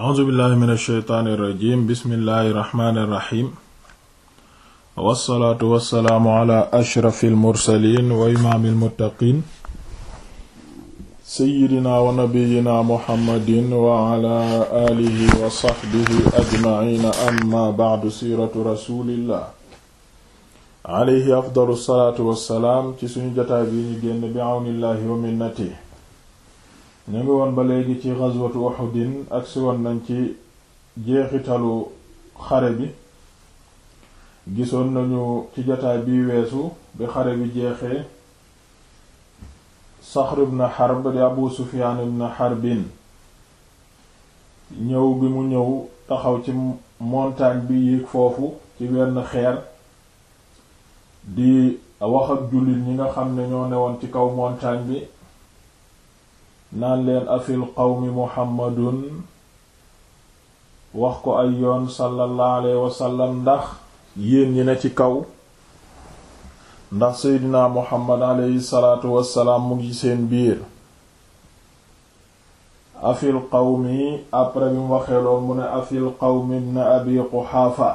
ahusubillahi min alsheytaani irrajim bismillahi irrahmaani irrahim wassalaatu wassalaamu ala ashrafi almursalin wa imaami almuttaqin seyidina wa nabiyina muhammadin wa ala alihi wa saxbihi ajmaciina amma bacdu siiratu rasulillah alayhi afdalu salaatu wassalaam ci suñu jataay bi ñu génn bi awnillahi wa minnatihi ñu ngi woon ba léegi ci ghazwatu Uhud ak si woon nañ ci jeexitalu xare bi gisoon nañu ci jataay bi weesu bi xare bi jeexee Saxr ibn Harb di Abu Sufyaan ibn Harbin ñëw bi mu ñëw taxaw ci montagne bi yéeg foofu ci wenn xeer di wax jullit ñi nga xam ne ñoo newoon ci kaw montagne bi naan leen afil qawmi muhammadun wax ko ay yoon sallallahu alayhi wasallam ndax yéen ñi ci kaw ndax seydinaa muhammad alayhi salaatu wassalaam mu ngi seen biir afil qawmi après bi mu waxee lool mu ne afil qawmi ibn abi quxaafa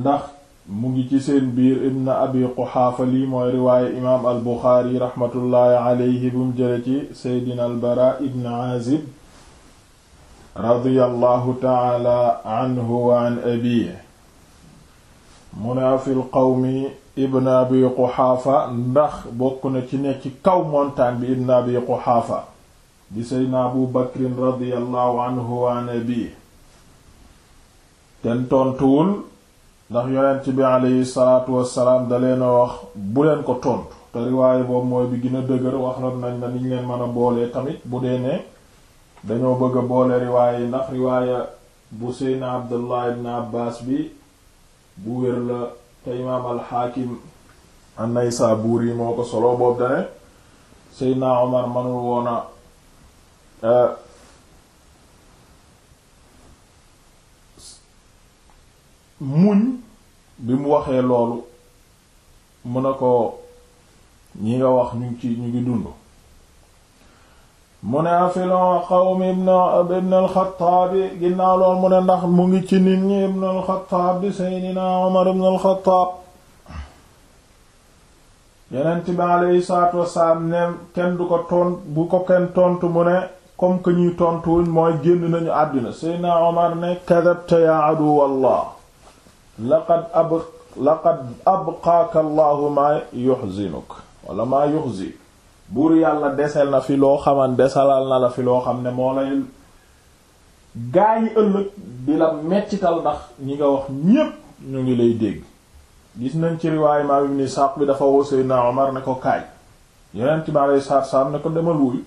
ndax mu ngi ci seen biir ibn abi quxaafa lii mooy riwaaye imaam al raxmatullaahi aleyhi bum jële ci seydina al bara ibn aazib radiyallahu taala anhu wa an abiihi mu ne afil ibn abi quxaafa ndax bokk na ci nekk ci kaw montagne bi ibn abi quxaafa di seydina abu bakrin radiyallahu anhu wa an abiihi ten tontuwul ndax yonent bi aleyhi salaatu wassalaam da leen wax bu leen ko tontu te riwaaye boobu mooy bi gën a dëgër wax na nañ na niñ leen mën a boolee tamit bu dee ne dañoo bëgg a boole riwaaye yi ndax riwaaya bu seyna abdullah ibn abbas bi bu wér la te imaam alxaakim an-Naysaburi moo ko solo boobu dane seyna omar manul woona eh, muñ bi mu waxee loolu mun na ko ñi nga wax ñu ngi ci ñu ngi dund mu ne afilon xawmi ibn alxataabi ginnaaw loolu mu ne ndax mu ngi ci nit ñi ibn alxataab di seydina omar ibn alxataab yenent bi aleyhi salaatu wasalaam ne kenn du ko tont bu ko kenn tontu mu ne comme que ñuy tontuwuñ mooy génn nañu àddina seydina omar ne kadabta ya aduwallah laqad ab laqad abqaaka allahu maa yuxzinuk wala maa yuxzi buur yàlla desel na fi loo xaman desalal na la fi loo xam ne moo lay gaa yi ëllëg di la mettital ndax ñi nga wax ñépp ñu ngi lay dégg gis nañ ci riwaay maa ibn Isaaq bi dafa woo Seydina Omar ne ko kaay yonent bi alayhi salaatu salaam ne ko demal wuy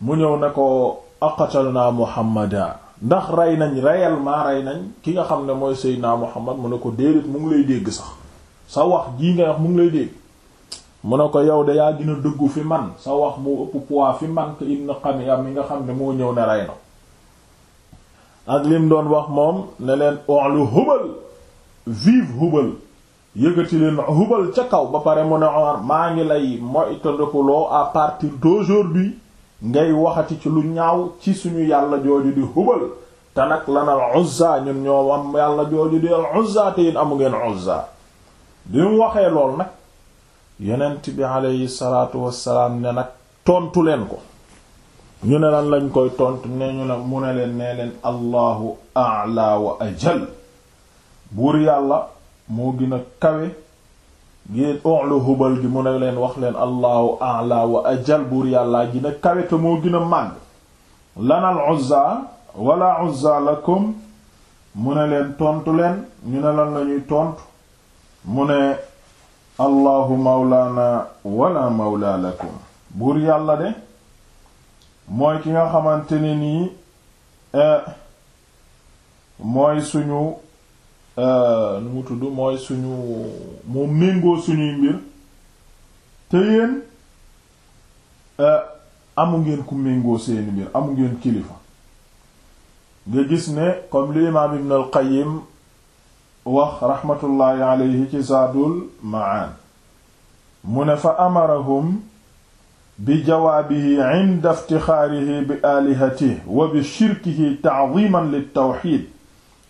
mu ñëw ne ko aqatal naa Muhammadan ndax rey nañ réellement rey nañ ki nga xam ne mooy Seydina Muhammad mu ne ko déedéet mu ngi lay dégg sax sa wax jii nga wax mu ngi lay dégg mu ne ko yow de yaa gën a fi man sa wax moo ëpp poids fi man te xam Qamiya mi nga xam ne moo ñëw ne rey na ak lim doon wax moom ne leen onlu hubal vive hubal yëkkati leen hubal ca kaw ba pare mu ne maa ngi lay moytandikuloo à partir d'aujourd'hui ngay waxati ci lu ñaaw ci suñu yàlla jooju di hubal te nag lanal uzza ñun ñoo am yàlla jooju di al uzza te yéen amu ngeen uzza bi mu waxee lool nag yonent bi aleyhi salaatu wassalaam ne nag tontu leen ko ñu ne lan lañ koy tontu ne ñu ne mu ne leen nee leen allahu a'la wa ajal buur yàlla moo gën a kawe gi onlu hubal gi mu ne leen wax leen allahu ala wa ajal buur yàllaa gina kaweta moo gën a màgg lanal uzza wala uzza lakum mu ne leen tontu leen ñu ne lan lañuy tontu mu ne allahu mawlaana wala mawla lakum buur yàlla de mooy ki nga xamante ne nii eh, mooy suñu Euh, nu mu tudd mooy suñu moo méngoo suñuy mbir te yéen euh, amu ngeen ku méngoo seeni mbir amu ngeen kilifa nga gis ne comme li imaam Ibn al-Qayyim wax alayhi ci Zaadul Ma'aan mu ne fa amarahum bi jawaabihi inda iftixaarihi bi aalihatihi wa bi shirkihi ta'ziiman lit-tawxiid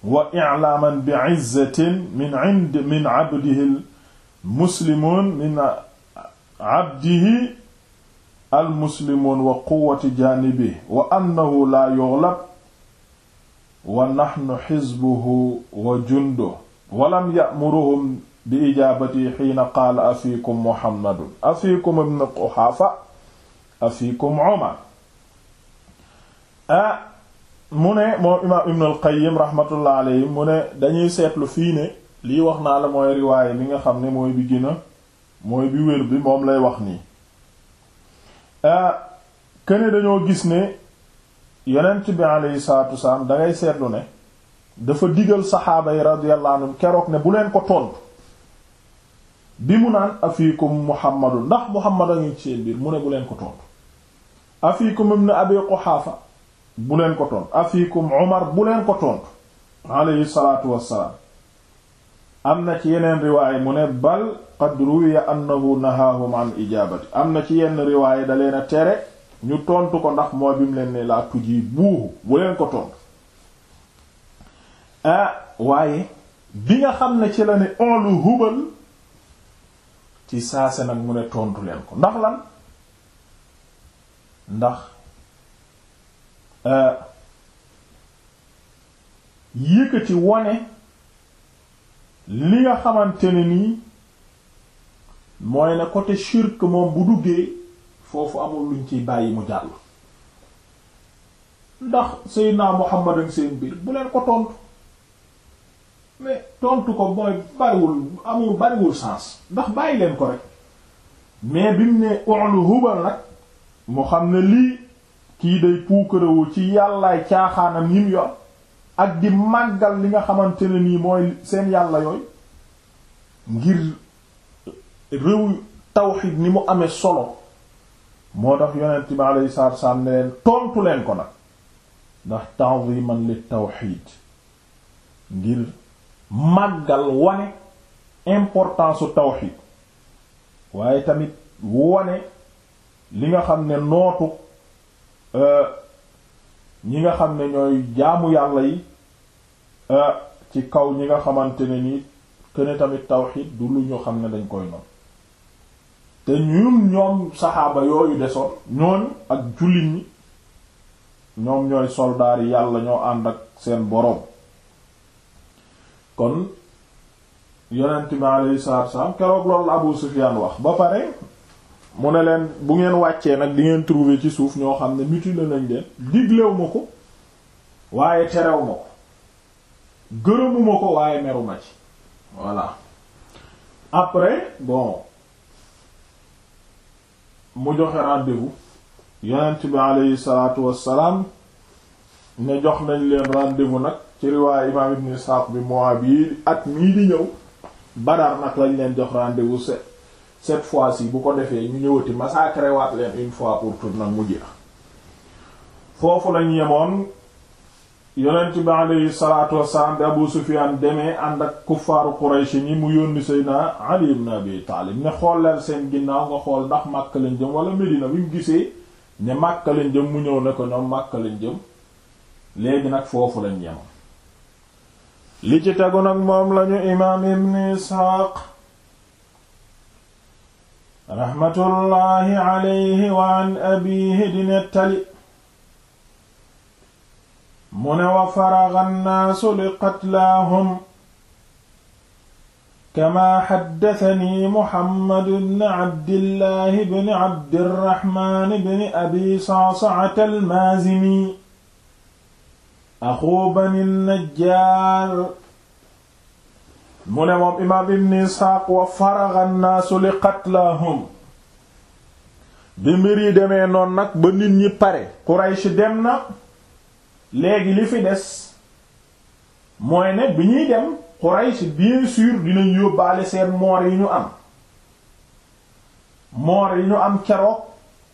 wa i'laaman bi'izzatin min 'indi min 'abdihi al-muslimuun min 'abdihi al-muslimuun wa quwwati jaanibihi wa annahu laa yughlab wa nahnu hizbuhu wa junduhu wa lam ya'murhum bi ijaabati hiina qaala afiikum Muhammadun afiikum ibn Quhaafa afiikum Umar ah, mu ne moom imaam ibn al qayyim rahmatullah mu ne dañuy seetlu fii ne lii wax naa la mooy riwaaye bi nga xam ne mooy bi gën a mooy bi wér bi moom lay wax nii ah, këne dañoo gis ne yonent bi alayhi salaatu wasalaam dangay seetlu ne dafa digal saxaaba yi radiyallahu anhum keroog ne bu leen ko tontu bi mu naan afiikum muhammadu ndax muhammad a ngi ci seen biir mu ne bu leen ko tontu afiikum ibn abi quhaafa bu leen ko tontu afikum Umar bu leen ko tontu alayhi wassalaam am na ci yeneen riwaay mu ne bal qad ruwiya annahu nahaahum an ijaabati am na ci yenn riwaay da leen tere ñu tontu ko ndax moo bim leen ne laa tuji buuhu bu leen ko tontu ah waaye bi nga xam ne ci la ne onlu hubal ci saase nag mu ne tontu leen ko ndax lan ndax Euh, yëkkati wone li nga xamante ne nii mooy ne côté shirk moom bu duggee foofu amul luñ ci bàyyi mu jàll ndax Seydina Muhammad ak seen biir bu leen ko tontu mais tontu ko mooy bariwul amul bariwul sens ndax bàyyi leen ko rek mais bi mu ne oxlu hubal nag mu xam ne lii kii day puukarewu ci yàllaay caaxaanam mu yor ak di màggal li nga xamante ne nii mooy seen yàlla yooyu ngir réew tawxid ni mu amee solo moo tax yonent bi alayhi salaatu wasalaam ne leen tontu leen ko nag ndax ta'ziman li tawxid ngir màggal wane importance su tawxid waaye tamit wane li nga xam ne nootu Euh, ñi nga xam ne ñooy jaamu yàlla yi euh, ci kaw ñi nga xamante ne nii këne tamit tawxid du lu ñu xam ne dañ koy noonu te ñun ñoom saxaaba yooyu desoon ñooñu ak jullit ñi ñoom ñooy soldaar yi yàlla ñoo ànd ak seen boroom kon yonent bi alayhi salaatu wa salaam keroog loolu la Abu Sufyaan wax ba pare mu ne leen bu ngeen wàccee nag di ngeen trouver ci suuf ñoo xam ne mutilé nañ leen diglew ma ko waaye terew ma ko gërëmuma ko waaye meru ma ci voilà après bon mu joxe rendez-vous yonent bi aleyhi salaatu wassalaam ne jox nañ leen rendez nag ci riwaay imaam ibn Isaaq bi mois bi at mii di ñëw Badar nag lañ leen jox rendez cette fois-ci bu ko defee ñu ñëwati massacré waat leen une fois pour toutes nag mu jeex foofu lañu yemoon yonent bi aleyhi salaatu wassalaam bi Abu Sufyaan demee ànd ak kuffaaru Quraysh ñi mu yónni Seydina Ali ibn Abi Taalib ne xool leen seen ginnaaw nga xool ndax Makka lañ jëm wala Medina bi mu gisee ne Makka jëm mu ñëw ne ko ñoom Makka lañ jëm léegi nag foofu lañ yemoon li ci tegu nag moom lañu imaam Ibn Isxaaq raxmatullahi alayhi wa an abiihi di nettali mu ne wa faraga nnaasu li qatlaahum kama xaddatani muhammad bn abdillahi bn abdirraxmaan bn abi sacsaca almaazini axu bani najjaar mu ne moom imaam ibn isxaaq wa faraga nnaasu li bi mbir yi demee noon nag ba nit ñi pare Quraysh dem na léegi li fi des mooy ne bi ñuy dem Quraysh bien sûr dinañ yóbbaale seen moor yi ñu am moor yi ñu am keroog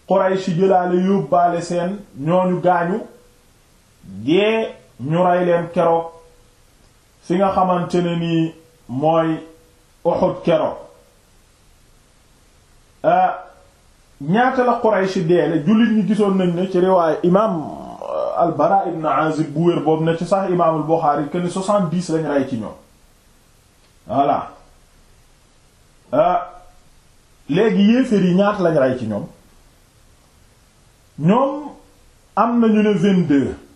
Quraysh jëlaale yóbbaale seen ñooñu gaañu gee ñu rey leen keroog fi nga xamante ne nii mooy Uhud kero ah, ñaata la Quraysh deele jullit ñi gisoon nañ ne ci riwaaya imaam ah, al-Bara ibn Azib bu wér boobu ne ci sax imaamul Buxaari que ni soixante-dix lañ rey ci ñoom voilà ah, léegi yéeféer yi ñaata lañ rey ci ñoom ñoom am na ñu ne vingt-deux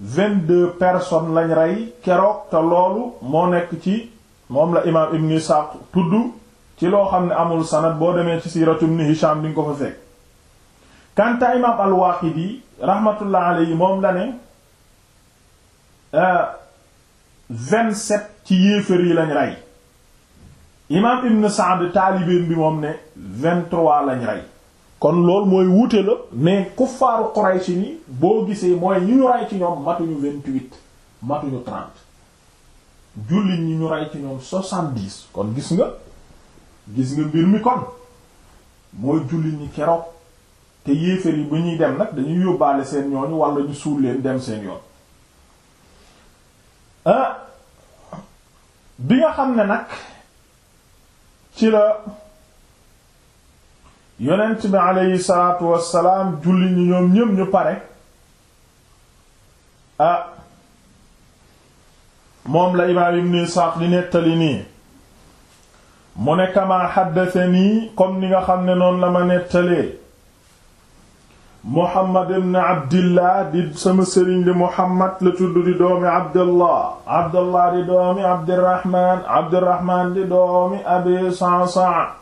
vingt-deux personnes lañ rey keroog te loolu moo nekk ci moom la imaam ibn Isaaq tudd ci loo xam ne amul sanad boo demee ci siiratu ibn Hisham dinga ko fa fekk kanta imaam al-Waaqidi rahmatullah alayhi moom la ne euh, vingt-sept ci yéefar yi lañ rey imaam ibn Sa'd taalibeem bi moom ne vingt-trois lañ rey kon lool mooy wuute la mais kuffaaru Quraysh ni boo gisee mooy ñi ñu rey ci ñoom matuñu vingt-huit matuñu trente jullit ñi ñu rey ci ñoom soixante-dix kon gis nga gis nga mbir mi kon mooy jullit ñi keroog te yéefar yi bu ñuy dem nag dañuy yóbbaale seen ñooñu wala ñu suul leen dem seen yoon ah, bi nga xam ne nag ci la yonent bi aleyhi salaatu wassalaam julli ñi ñoom ñépp ñu pare ah moom la imaam ibn Isaaq di nettali nii mu ne kamaa xaddasanii comme ni nga xam ne noonu la ma nettalee Muhammad ibn Abdillah di sama sëriñ di Muhammad la tudd di doomi Abdullah Abdullah di doomi Abdirahmaan Abdirahmaan di doomi Abi Sa'sa'a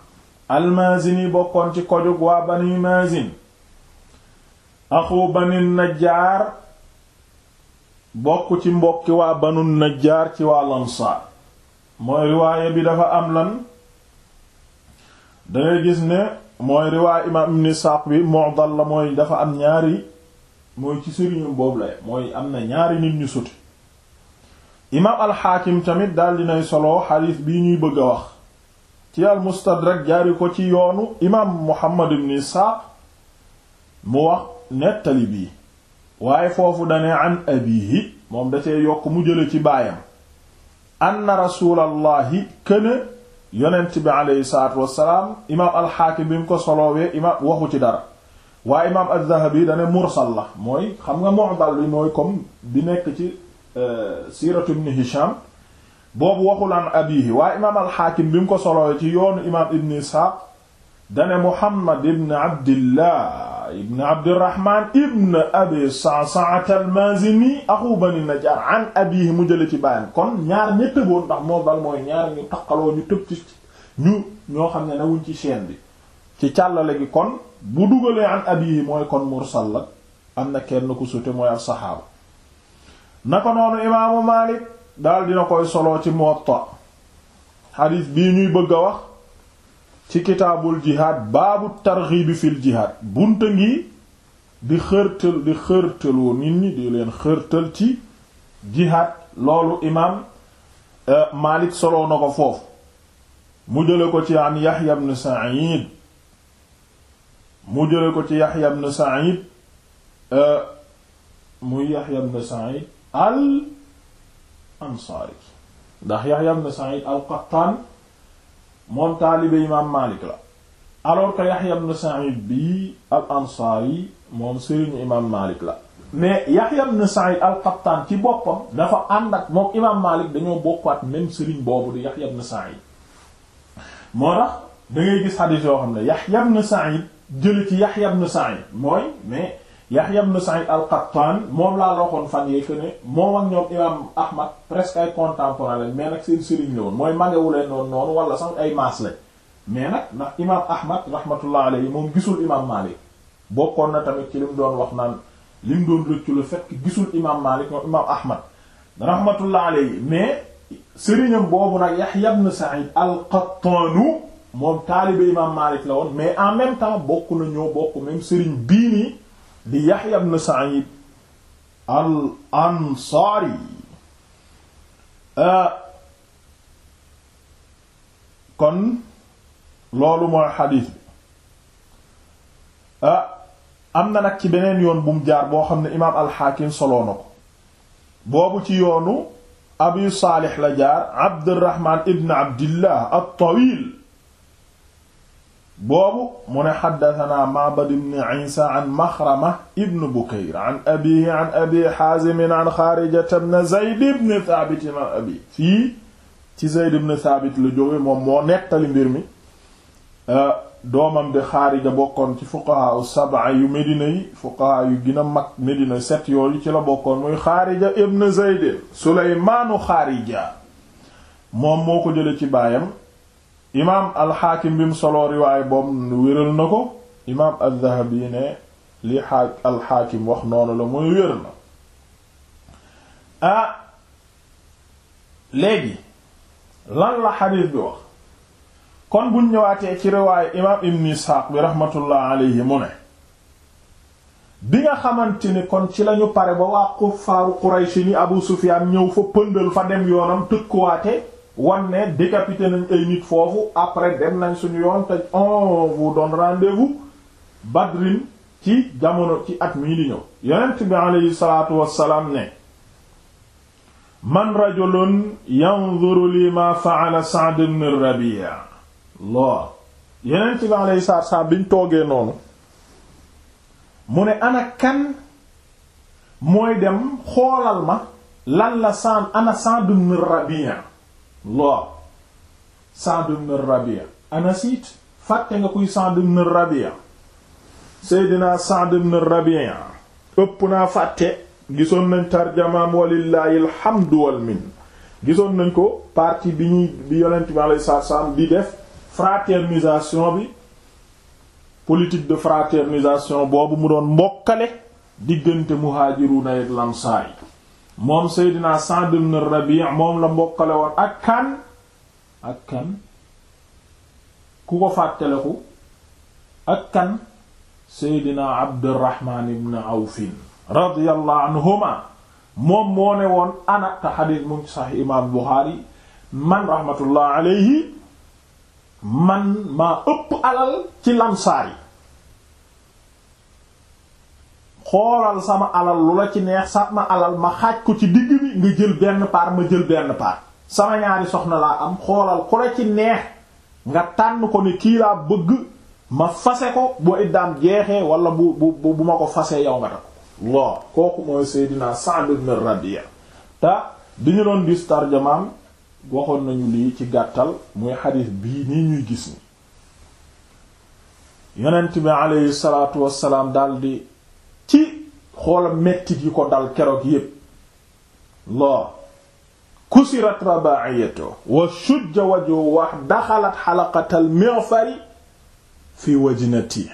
almazini bokkoon ci kojug waa bani mazin axu bani najjaar bokk ci mbokki waa banu najjaar ci waa lansaar mooy riwaaya bi dafa am lan dangay gis ne mooy riwaaya imaam ibn Isaaq bi mu'dal la mooy dafa am ñaari mooy ci sëriñu boobu la mooy am na ñaari nit ñu suti imaam alxaakim tamit daal dinay solo xadiis bi ñuy bëgg a wax ci al mustadrak jaari ko ci yoonu imaam muhammad ibn isxaaq mu wax nettali bii waaye foofu dane an moom da yokk mu jële ci baayam anna rasulallahi këne yonent bi aleyhi salaatu wassalaam imaam alxaakim bi mu ko soloowee imaam waxu ci dara waaye imaam az-Zahabi dane mursal la mooy xam nga mu'dal bi mooy kom bi nekk ci euh, siiratu ibn Hisham boobu waxul an abihi waaye imaam alxaakim bi mu ko solowee ci yoonu imaam ibn isxaaq dane muhammad ibn abdillah ibn abdirahman ibn abi sa'sa'at al-mazini axu bani najjar an abihi mu jële ci bàyyam kon ñaar ñett boon ndax moo dal mooy ñaar ñu taqaloo ñu tëb ci ñu ñoo xam ne newuñ ci seen bi ci càllale gi kon bu dugalee an abihi mooy kon mursal la am na kenn ku mooy ab saxaaba na ko noonu imaamu maalik daal dina koy solo ci Muwatta xadiis bii ñuy bëgg a wax ci kitaabul jihaad baabu targhiib fil jihaad bunta ngi di xërtal di xërtaloo nit ñi di leen xërtal ci jihaad loolu imaam euh, Maalik solo na ko foofu mu jële ko ci an Yahya ibn Sa'id mu jële ko ci Yahya ibn Sa'id euh, muy Yahya ibn Sa'id al ansaari ndax Yahya ibn Sa'id al-Qattan moom taalibe imaam Maalik la alors que Yahya ibn Sa'id bi al-Ansaari moom sëriñu imaam Maalik la mais Yahya ibn Sa'id al-Qattan ci boppam dafa ànd ak moom imaam Maalik dañoo bokkaat même sëriñ boobu di Yahya ibn Sa'id moo tax da ngay gis xadiis yoo xam ne Yahya ibn Sa'id jële ci Yahya ibn Sa'id mooy mais Yahya ibn Sa'id al-Qattan moom laa waxoon fan yee que ne moom ak ñoom imam Ahmad presque ay contemporain mais nag seen sëriñ la woon mooy magewu noonu noonu sax ay maas lañ mais nag ndax imam Ahmad rahmatullah alayhi moom gisul imam Malik bokkoon na tamit ci li doon wax naan li mu doon rëccu le fait que gisul imam Malik moom imam Ahmad rahmatullah alayhi mais sëriñam boobu nag Yahya ibn Sa'id al-Qattanu moom taalibe imam Malik la woon mais en même temps bokk na ñoo bokk même di Yahya ibn Sa'id al ansaari euh, kon loolu mooy xadiis bi euh, am na nag ci beneen yoon bu jaar boo xam ne imaam alxaakim soloo na ko boobu ci yoonu abi saalix la jaar abdirahman ibn abdillah at-Tawil boobu mu ne xaddatanaa Ma'bad ibn Isa an Maxrama ibn Bukayr an abihi an abi Haazim an Xaarijata ibn Zayd ibn Thaabit an abi fii ci Zayd ibn Thaabit la jóge moom moo nettali mbir mi euh, doomam de Xaarija bokkoon ci fuqahaa sab'a yu Medina yi fuqahaa yu gën a mag Medina set yooyu ci la bokkoon muy Xaarija ibn Zayd Sulaymaanu Xaarija moom moo ko jële ci baayam imaam alxaakim bi mu soloo riwaay boobu wéral na ko imaam al ne li alxaakim wax noonu la muy wér na ah léegi lan la xadiis bi wax kon buñ ñëwaatee ci riwaay imaam ibn Isxaaq bi raxmatullah alayhi mu ne bi nga xamante ni kon ci lañu pare ba waa kuffaaru Quraysh ni Abu Sufyaan ñëw fa pëndal fa dem yoonam tëkkuwaate wan ne décapité nañ ay nit foofu après dem nañ suñu yoon te on vous donne rendez-vous badrin ci jamono ci at mii di ñëw yonent bi aleyhi salaatu wassalaam ne man rajulun yanzuru li ma fa'ala Sa'd ibn Rabi'a loo yonent bi aleyhi salaatu biñ toogee noonu mu ne ana kan mooy dem xoolal ma lan la Sa'd ana Sa'd ibn loo Sa'd ibn Rabi'a anasiit fàtte nga kuy Sa'd ibn Rabi'a Seydina Sa'd ibn Rabi'a ëpp naa fàtte gisoon nañ tarjamaam walillaahi alhamdu wal gisoon nañ ko parti bi ñuy bi yonent bi alayhi salaatu salaam di def fraternisation bi politique de fraternisation boobu mu doon mbokkale diggante muhaajiruuna ak lamsaar yi moom Seydina Sa'd ibn Rabi' moom la mbokkale woon ak kan ak kan ku ko fàttaleku ak kan Seydina Abdurrahman ibn Awf radiyallahu anhuma moom moo ne woon ana te xadiis mu ngi sax imaam Buxaari man rahmatullah alayhi man maa ëpp alal ci lamsaar yi xoolal sama alal lu la ci neex sama alal ma xaaj ko ci digg bi nga jël benn part ma jël benn part sama ñaari soxna laa am xoolal ku la ci neex nga tànn ko ni kii laa bëgg ma fase ko bu iddaam jeexee wala bu bu bu ma ko fase yow nga tako lo kooku mooy Seydina Sa'd ibn Rabi'a te bi ñu doon gis tarjamaam waxoon nañu lii ci gàttal muy xadis bii nii ñuy gis ni yonent bi aleyhi salaatu wassalaam daldi ci xoolam mettit yi ko dal keroog yépp laa kusirat rabaiyatu wa shujja wajhu wa daxalat xalaqatal mighfari fi wajnati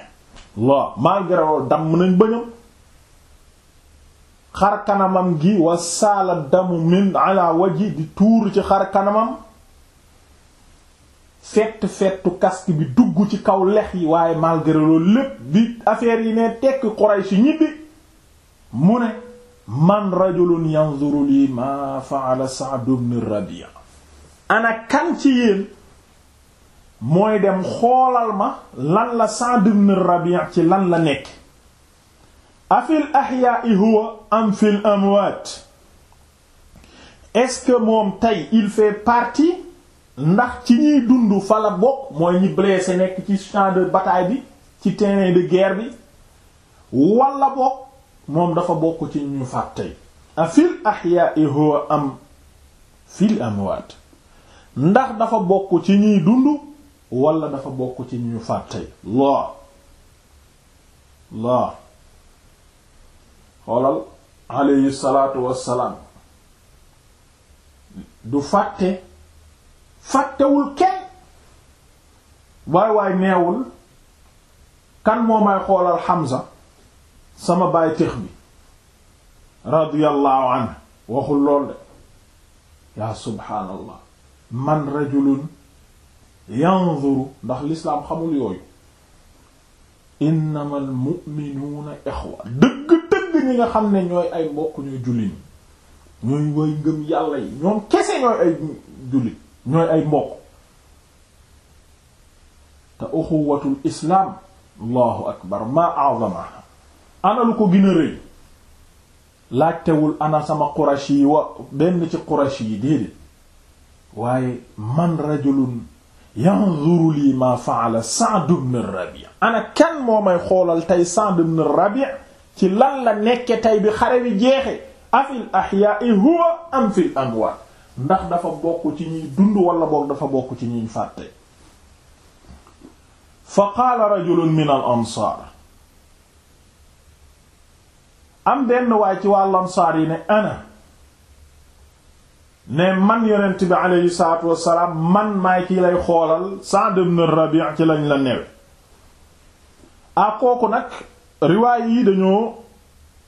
laa malgré loolu damm nañ bëñam xar kanamam gi wa saala damu min ala waji di tuur ci xar kanamam fett fettu casque bi dugg ci kaw lex yi waaye malgré lépp bi affaire yi ne tekk Quraysh ñibbi mu ne man rajulun yanzuru li ma fa'ala Sa'd ibn Rabi'a kan ci yéen mooy dem xoolal ma lan la Sa'd ibn Rabi'a ci lan la nekk afil ahya'i huwa am fil amwaat est-ce moom tey il fait partie ndax ci ñiy dund fa la bokk mooy ñi blessé nekk ci champ de bi ci terrain de guerre bi wala bokk moom dafa bokk ci ñu fàtte tey a fil ahya'i huwa am fil amwaat ndax dafa bokk ci ñuy dund wala dafa bokk ci ñu fàtte tey laa xoolal alayhi wassalaam du fàtte fàttewul kenn waay waay neewul kan moo may xoolal Hamza sama baay téex bi radiyallahu anhu waxul lool de yaa subhaanallah man rajulun yanzuru ndax lislaam xamul yooyu innamal mu'minuuna ixwa dëgg dëgg ñi nga xam ne ñooy ay mbokk ñooy jullit ñooy way ngëm yàlla yi ñoom kese ñooy ay jullit ñooy ay mbokk te uxuwatul islaam allahu akbar maa a'zama ana lu ko gën a rëy laajtewul ana sama qurashi yi wa benn ci qurashi yi waaye man rajulun yanzuru lii ma fa'ala Sa'd ibn Rabi' ana kan moo may xoolal tey Sa'd ibn Rabi' ci lan la nekke tey bi xare bi jeexe afil ahya'i huwa am fil amwaat ndax dafa bokk ci ñuy dund wala boog dafa bokk ci ñuy fàtte fa qaala rajulun min al ansaar am benn waay ci wàll ansaar yi ne ana ne man yonent bi aleyhi wassalaam man maay kii lay xoolal Sa'd ibn Rabi' ci lañ la newe a ah, kooku nag riwaay yi dañoo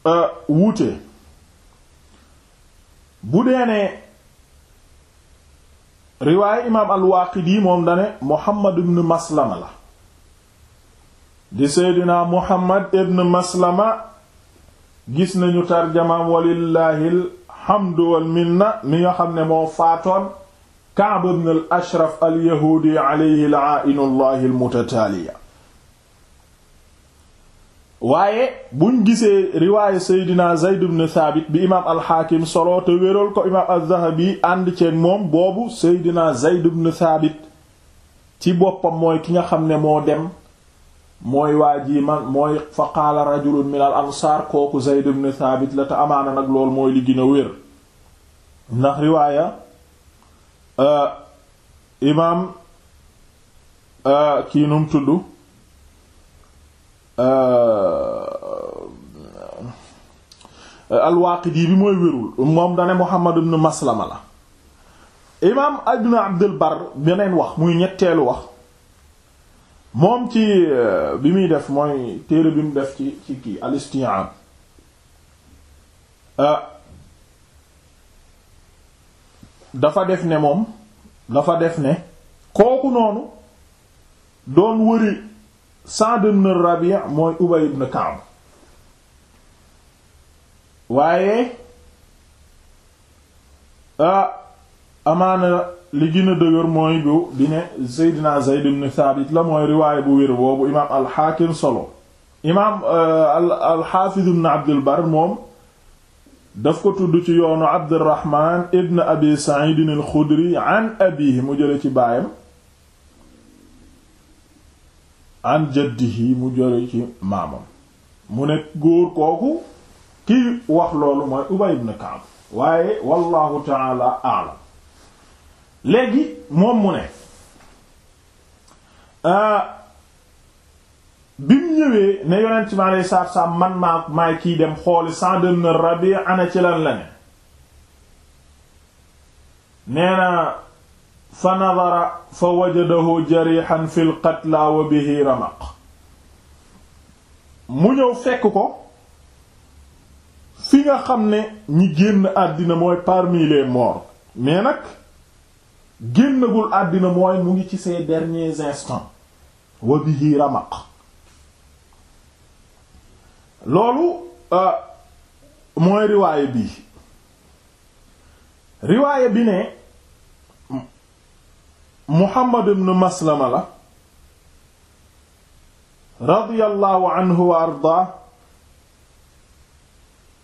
euh, wuute bu dee ne riwaaya imaam al moom dane Muhammad ibn Maslama la di seydinaa Muhammad ibn Maslama gis nañu tarjamaam walillaahi alhamdu minna mi nga ne moo faatoon Ka'b ibn al-Ashraf al-Yahuudi alayhi la'aa'inullaahi al waaye buñ gisee riwaaye Seydina Zayd ibn Thabit bi imaam al solo te wéral ko imaam az-Zahabi ànd ceeg moom boobu Seydina Zayd Thabit ci boppam mooy ki nga xam ne moo dem mooy waa ji man mooy fa qaala rajulun min al ansaar kooku Zayd ibn Thabit la te amaana nag lool mooy li gën a wér ndax riwaaya euh, imaam euh, kii num tudd Euh, euh, al-Waaqidi bi mooy wérul moom dana Muhammad ibn Maslama la imaam ibn Abdul Barr beneen wax muy ñetteelu wax moom ci euh, bi muy def mooy téere bi mu def ci ci kii al dafa def ne moom dafa def ne kooku noonu doon wëri Sa'd ibn Rabi' mooy Ubay ibn Ka'b waaye amaana li gën a dëgër mooy bu di ne Seydina Zayd ibn Thabit la mooy riwaay bu wér boobu imaam al-Hakim solo imaam euh, al-Hafiz ibn Abd al-Barr moom daf ko tudd ci yoonu Abdurrahman ibn Abi Sa'id al-Khudri an abiihi mu jële ci baayam an jaddihi mu jële ci maamam mu ne góor kooku ki wax loolu mooy Ubay ibn Ka'b waaye wallahu ta'ala a'lam léegi moom mu ne bi mu ñëwee ne yonent mi alayhi salaatu salaam man maa maay kii dem xooli Sa'd ibn Rabi' ana ci lan la ne nee fa nadara fa wajadahu jarihan fil qatla wa bihi ramaq mu ñëw fekk ko fi nga xam ne ñi génn àddina mooy parmi les morts nag génnagul àddina mooy mu ngi ci ses derniers instants wa bihi ramaq loolu euh, mooy riwaaye bi riwaaye bi ne Muhammad ibn Maslama la radiyallahu anhu wa ardaa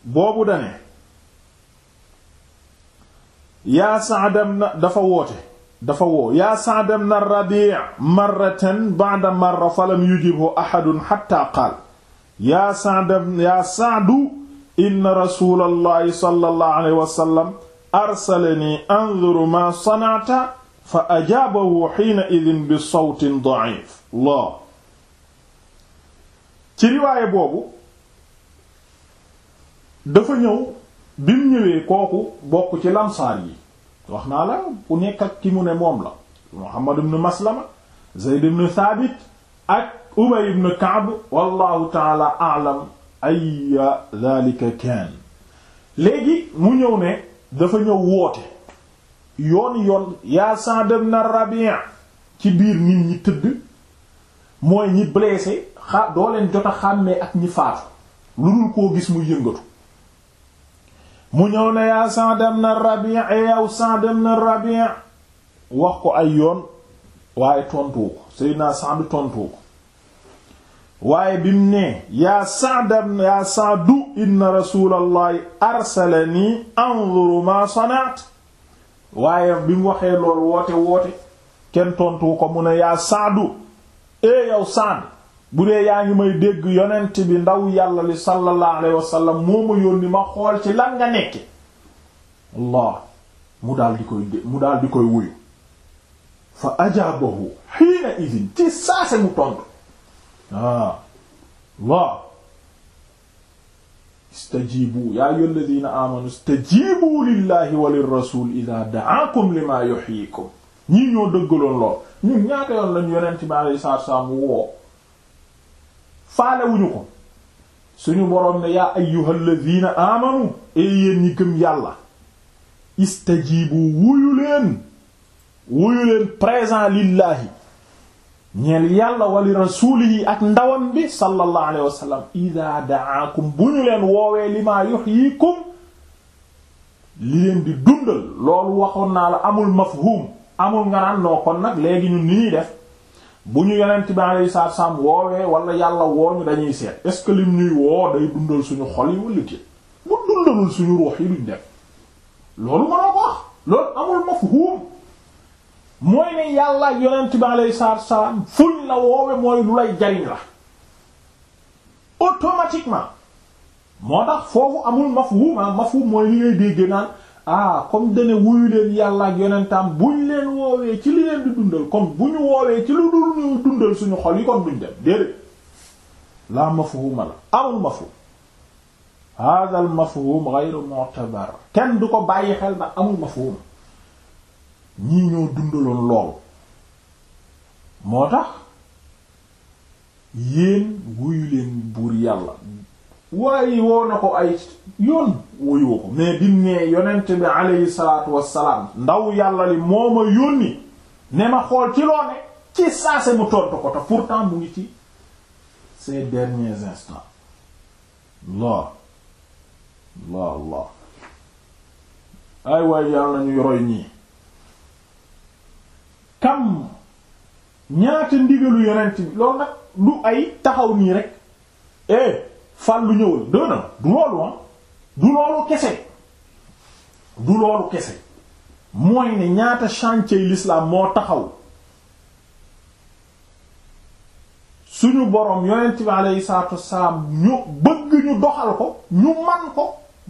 boobu dane yaa Sa'd ibn dafa woote dafa woo yaa Sa'd ibn Rabi' marratan ba'da marra falam yujibhu ahadun hatta qaala yaa Sa'd yaa Sa'du inna rasuulallahi sallallahu alayhi wa sallam arsalani anzuru ma sana'ta fa ajaabahu xiina idin bi sawtin da'if ci riwaaye boobu dafa ñëw bi ñëwee kooku bokk ci lamsaar yi wax naa la ku nekk ak ki mu ne moom la Muhammad ibn Maslama Zayd ibn Thabit ak Ubay ibn Ka'b wallahu taala a'lam ay dhalika kaan léegi mu ñëw ne dafa ñëw woote yoon yoon yaa Sa'd ibn Rabi' ci biir nit ñi tëdd mooy ñi blessé xa doo leen jot xàmmee ak ñi faatu lu dul koo gis mu yëngatu mu ñëw ne yaa Sa'd ibn Rabi' e yow Sa'd ibn wax ko ay yoon waaye tontuwu ko Seydina Sa'd tontuwu ko waaye bi mu ne yaa Sa'd yaa Sa'du inna rasulallahi arsalani anzuru ma sana'ta waaye bi mu waxee lool woote woote kenn tontu ko mu ne yaa saadu ee eh yow saad bu dee yaa ngi may dégg yonent bi ndaw yàlla li sallallahu alayhi wasallam moo ma yónni ma xool ci lan nga nekke allah mu daal di koy mu daal di koy wuyu fa ajaabahu xiina idin ci saase mu tontu waaw ah, stajibu yaa ayyuha alladhina amanu stajibu lillahi wa lirrasul idha da'akum lima yuhyikum ñii ñoo dëggaloon lool ñun ñaata yoon lañu yonent bi alayhi salaatu wa salaam woo faalewuñu ko suñu boroom ne yaa ayyuha alladhina amanu e yéen ñi gëm yàlla istajibu wuyu leen wuyu leen présent lillahi ñeel yàlla wali rasulihi ak ndawam bi sallallahu alayhi wa sallam ida daakum bu ñu leen woowee limaa yuhyikum li leen di dundal loolu waxoon naa la amul mafhum amul nga naan noo kon nag léegi ñun ni def bu ñu yonent bi alayhi salaatu salaam woowee wala yàlla wooñu dañuy seet est-ce que lim ñuy woo day dundal suñu xol yi wala bu dundalul suñu ruux yi duñ def loolu mënoo ko wax loolu amul mafhum mooy ne yàlla ak yonent bi alayhi salaatu salaam fuñ la woowe mooy lu lay jariñ la automatiquement moo tax foofu amul mafhum ah, mafhum mooy li ngay dégg naan ah comme dane wuyu leen yàlla ak yonentam buñ leen woowee ci li leen di dundal comme bu ñu woowee ci lu dul ñu dundal suñu xol yi comme duñ dem déedéet la mafhuma la amul mafhum hada al mafhum ghayru mu'tabar kenn du ko bàyyi xel ndax amul mafhum ñii ñoo dundaloon lool moo tax yéen wuyu leen buur yàlla waaye woo na ko ay yoon wuyu ko mais bi yonent bi aleyhi salaatu wassalaam ndaw yàlla li moo ma yónni ne ma xool ci loone ci saase mu tontu ko te pourtant mu ngi ci ces derniers instants Allah Allah Allah ay waay yàlla nañuy roy ñii kam ñaata ndigalu yonent bi loolu nag du ay taxaw nii rek eh fan lu ñëwal dëna du loolu am ah. du loolu kese du loolu kese mooy ne ñaata chantier lislaam moo taxaw suñu borom yonent bi aleyhi salaatu wassalaam ñu bëgg ñu doxal ko ñu man ko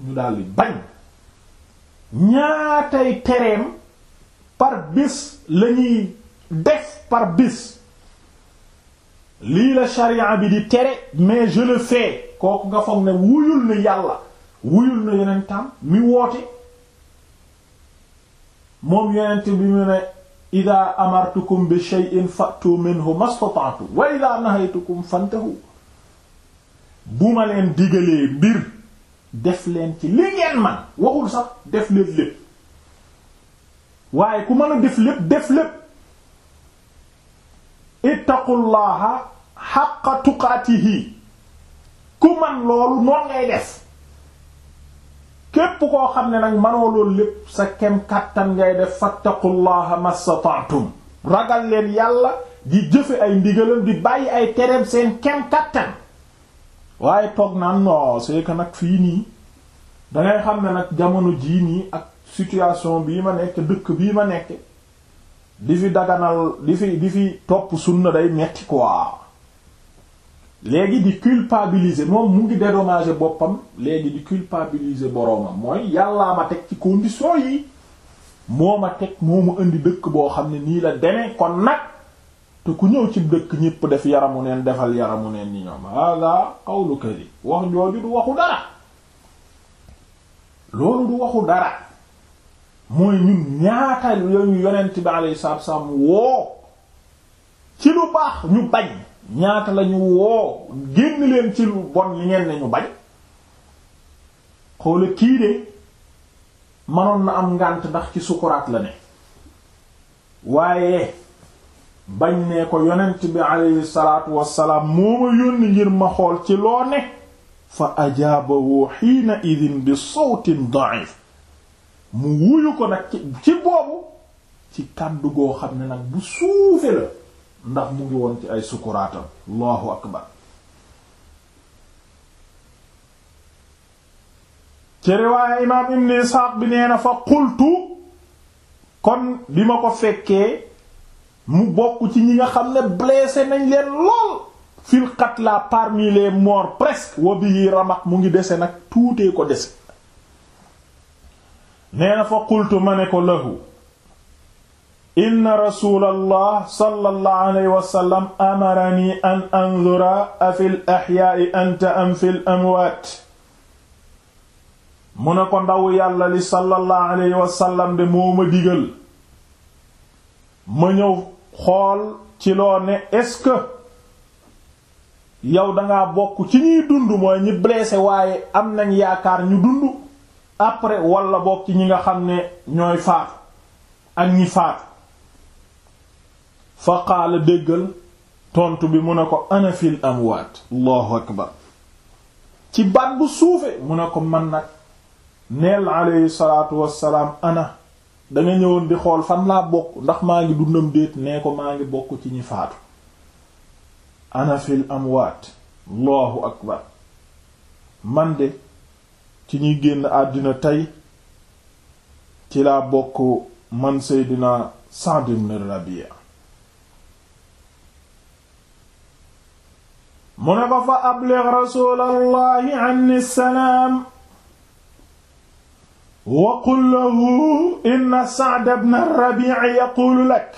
ñu daldi bañ ñaatay tereem par bis lañuy def par bis lii la charia bi di tere mais je le fais kooku nga foog ne wuyul na yàlla wuyul na yeneen tam mi woote moom yonent bi mu ne ida amartukum bi shay'in fa'tu minhu mastata'tu wa ida nahaytukum fantahu bu ma leen digalee mbir def leen ci li ngeen man waxul sax def leen lépp waaye ku mën a def lépp def lépp ittaqullaha haqqa tuqaatihi ku man loolu noon ngay def képp koo xam ne nag manoo loolu lépp sa kem kàttan ngay def fattaqullaha mastata'tum ragal leen yàlla di jëfe ay ndigalam di bàyyi ay tereem seen kem kàttan waaye toog naan non c'est que nag fii nii dangay xam ne nag jamono jii nii situation bii ma nekk dëkk bii ma nekk di fi daganal di fi di fi topp sunna day metti quoi léegi di culpabiliser moom mu ngi dédommager boppam léegi di culpabiliser boroomam mooy yàllaa ma teg ci condition yi moo ma teg moo ma indi dëkk boo xam ne nii la demee kon nag te ku ñëw ci dëkk ñépp def yaramu neen defal yaramu neen ni ñoom hada qawlu kadi wax jooju du waxu dara loolu du waxu dara mooy ñun ñaata lañu yonent bi alayhi salaatu wasallam woo ci lu baax ñu bañ ñaata lañu woo génn leen ci lu bon li ngeen ne ñu bañ xoola kii de mënoon na am ngànt ndax ci sukuraat la ne waaye bañ ne ko yonent bi alayhi salaat wassalaam moo ma yónni ngir ma xool ci loo ne fa ajaabahu xiina idin bi sawtin da'if mu wuyu ko nag ci boobu ci kàddu goo xam ne nag bu suufe la ndax mu ngi woon ci ay sukuraatam allahu akbar ci riwaaya imaam ibn Isaaq bi nee fa qultu kon bi ma ko fekkee mu bokk ci ñi nga xam ne blessé nañ leen lool fil qatla parmi les morts presque wa bihi ramaq mu ngi dese nag tuutee ko dese nee na fa qultu ma ne ko lahu inna rasulallah sallallahu alayhi wa sallam amarani an anzura anta am fil amwaat mu ne ko ndaw yàlla li sallallahu alayhi wa sallam ñëw xool ci loo ne yow dangaa bokk ci ñuy dund mooy ñi blessé waaye am nañ yaakaar ñu dund après wala bokk ci ñi nga xam ne ñooy faatu ak ñi faatu fa qaala déggal tontu bi mu ne ko ana amwaat allahu akbar ci baat bu suufe mu ne ko man nag neel alayhi salaatu wassalaam ana danga ñëwoon di xool fan laa bokk ndax maa ngi dundam déet nee ko maa ngi bokk ci ñi faatu ana fil amwaat allahu akbar man de ci ñuy génn àddina tey ci laa bokk man seydina Sa'd ibn Rabi'a mu ne ko fa ablig rasulallahi anni salaam wa qul lahu inna Sa'd ibn Rabi'a yaqulu lak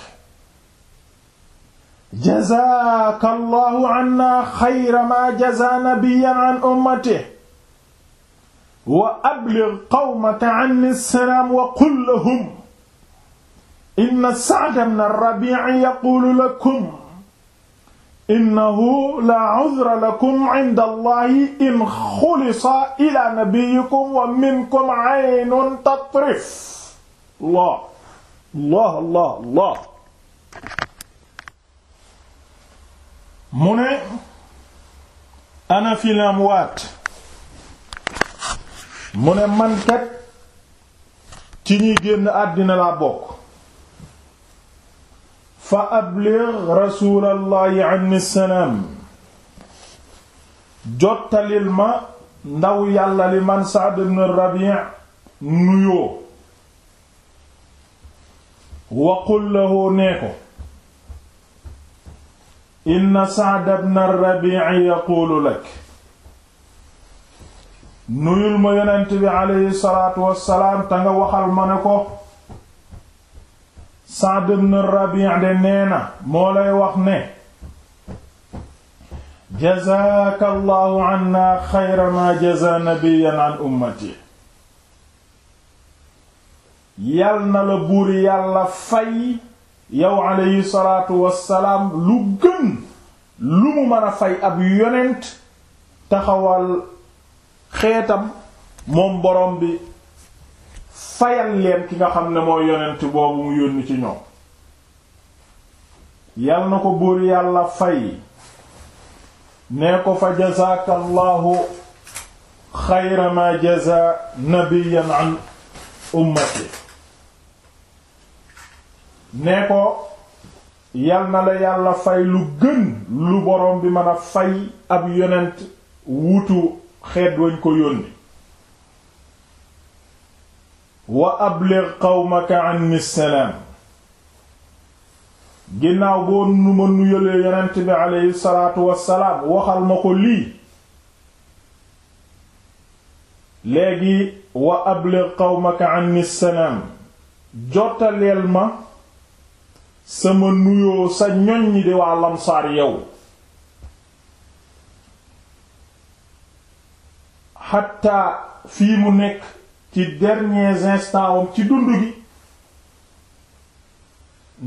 jazaaka allahu anna xayra ma jazaa nabiyyan an ummatihi wa abligh qawmaka anni salaam wa qul lahum inna Sa'da ibn Rabi'i yaqulu lakum innahu la 'udra lakum 'inda Allahi in xulisa ila nabiyyikum wa minkum 'aynun tatrif. Allah Allah Allah Allah. mu ne ana fil amwaat mu ne man ci ñuy génn àddina laa bokk fa abligh rasulallahi anni salaam jottalil ma ndaw yàlla li man Sa'd ibn Rabi' nuyoo wa qul lahu nee ko inna Sa'd ibn Rabi' yaqulu lak nuyul ma yonent bi aleyhi salaatu wassalaam te nga waxal ma ne ko Sa'd ibn Rabi' de nee na moo lay wax ne jazaaka allahu anna xayra ma jaza nabiyan an ummati yal na la buur yàlla fay yow aleyhi salaatu salaam lu gën lu mu mën a fay ab yonent taxawal xeetam moom borom bi fayal leen ki nga xam ne mooy yonent boobu mu yónni ci ñoom yal na ko buur yàlla fay nee ko fa jazaaka allahu xayra ma ummati nee ko yal na la yàlla fay lu gën lu borom bi mën a fay ab yonent wutu xeet wañ ko yónni wa abligh qawmaka anni salaam ginnaaw boo nu ma nuyalee yonent bi aleyhi salaatu wassalaam waxal ma ko lii léegi wa abligh qawmaka anni salaam jottaleel ma sama nuyoo sa ñoñ di waa lamsaar yow xatta fii mu nekk ci derniers instants wam ci dund gi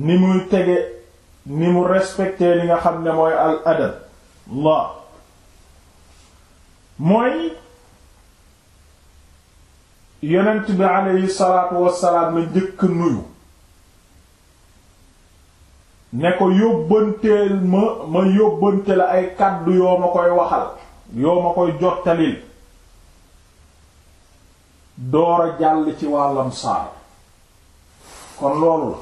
ni muy tege ni mu respecté li nga xam ne mooy al adab la mooy yonent bi aleyhi salaatu wassalaam la njëkk nuyu ne ko yóbbanteel ma ma yóbbante la ay kàddu yoo ma koy waxal yoo ma koy jottalil door a jàll ci wàllam saar kon loolu la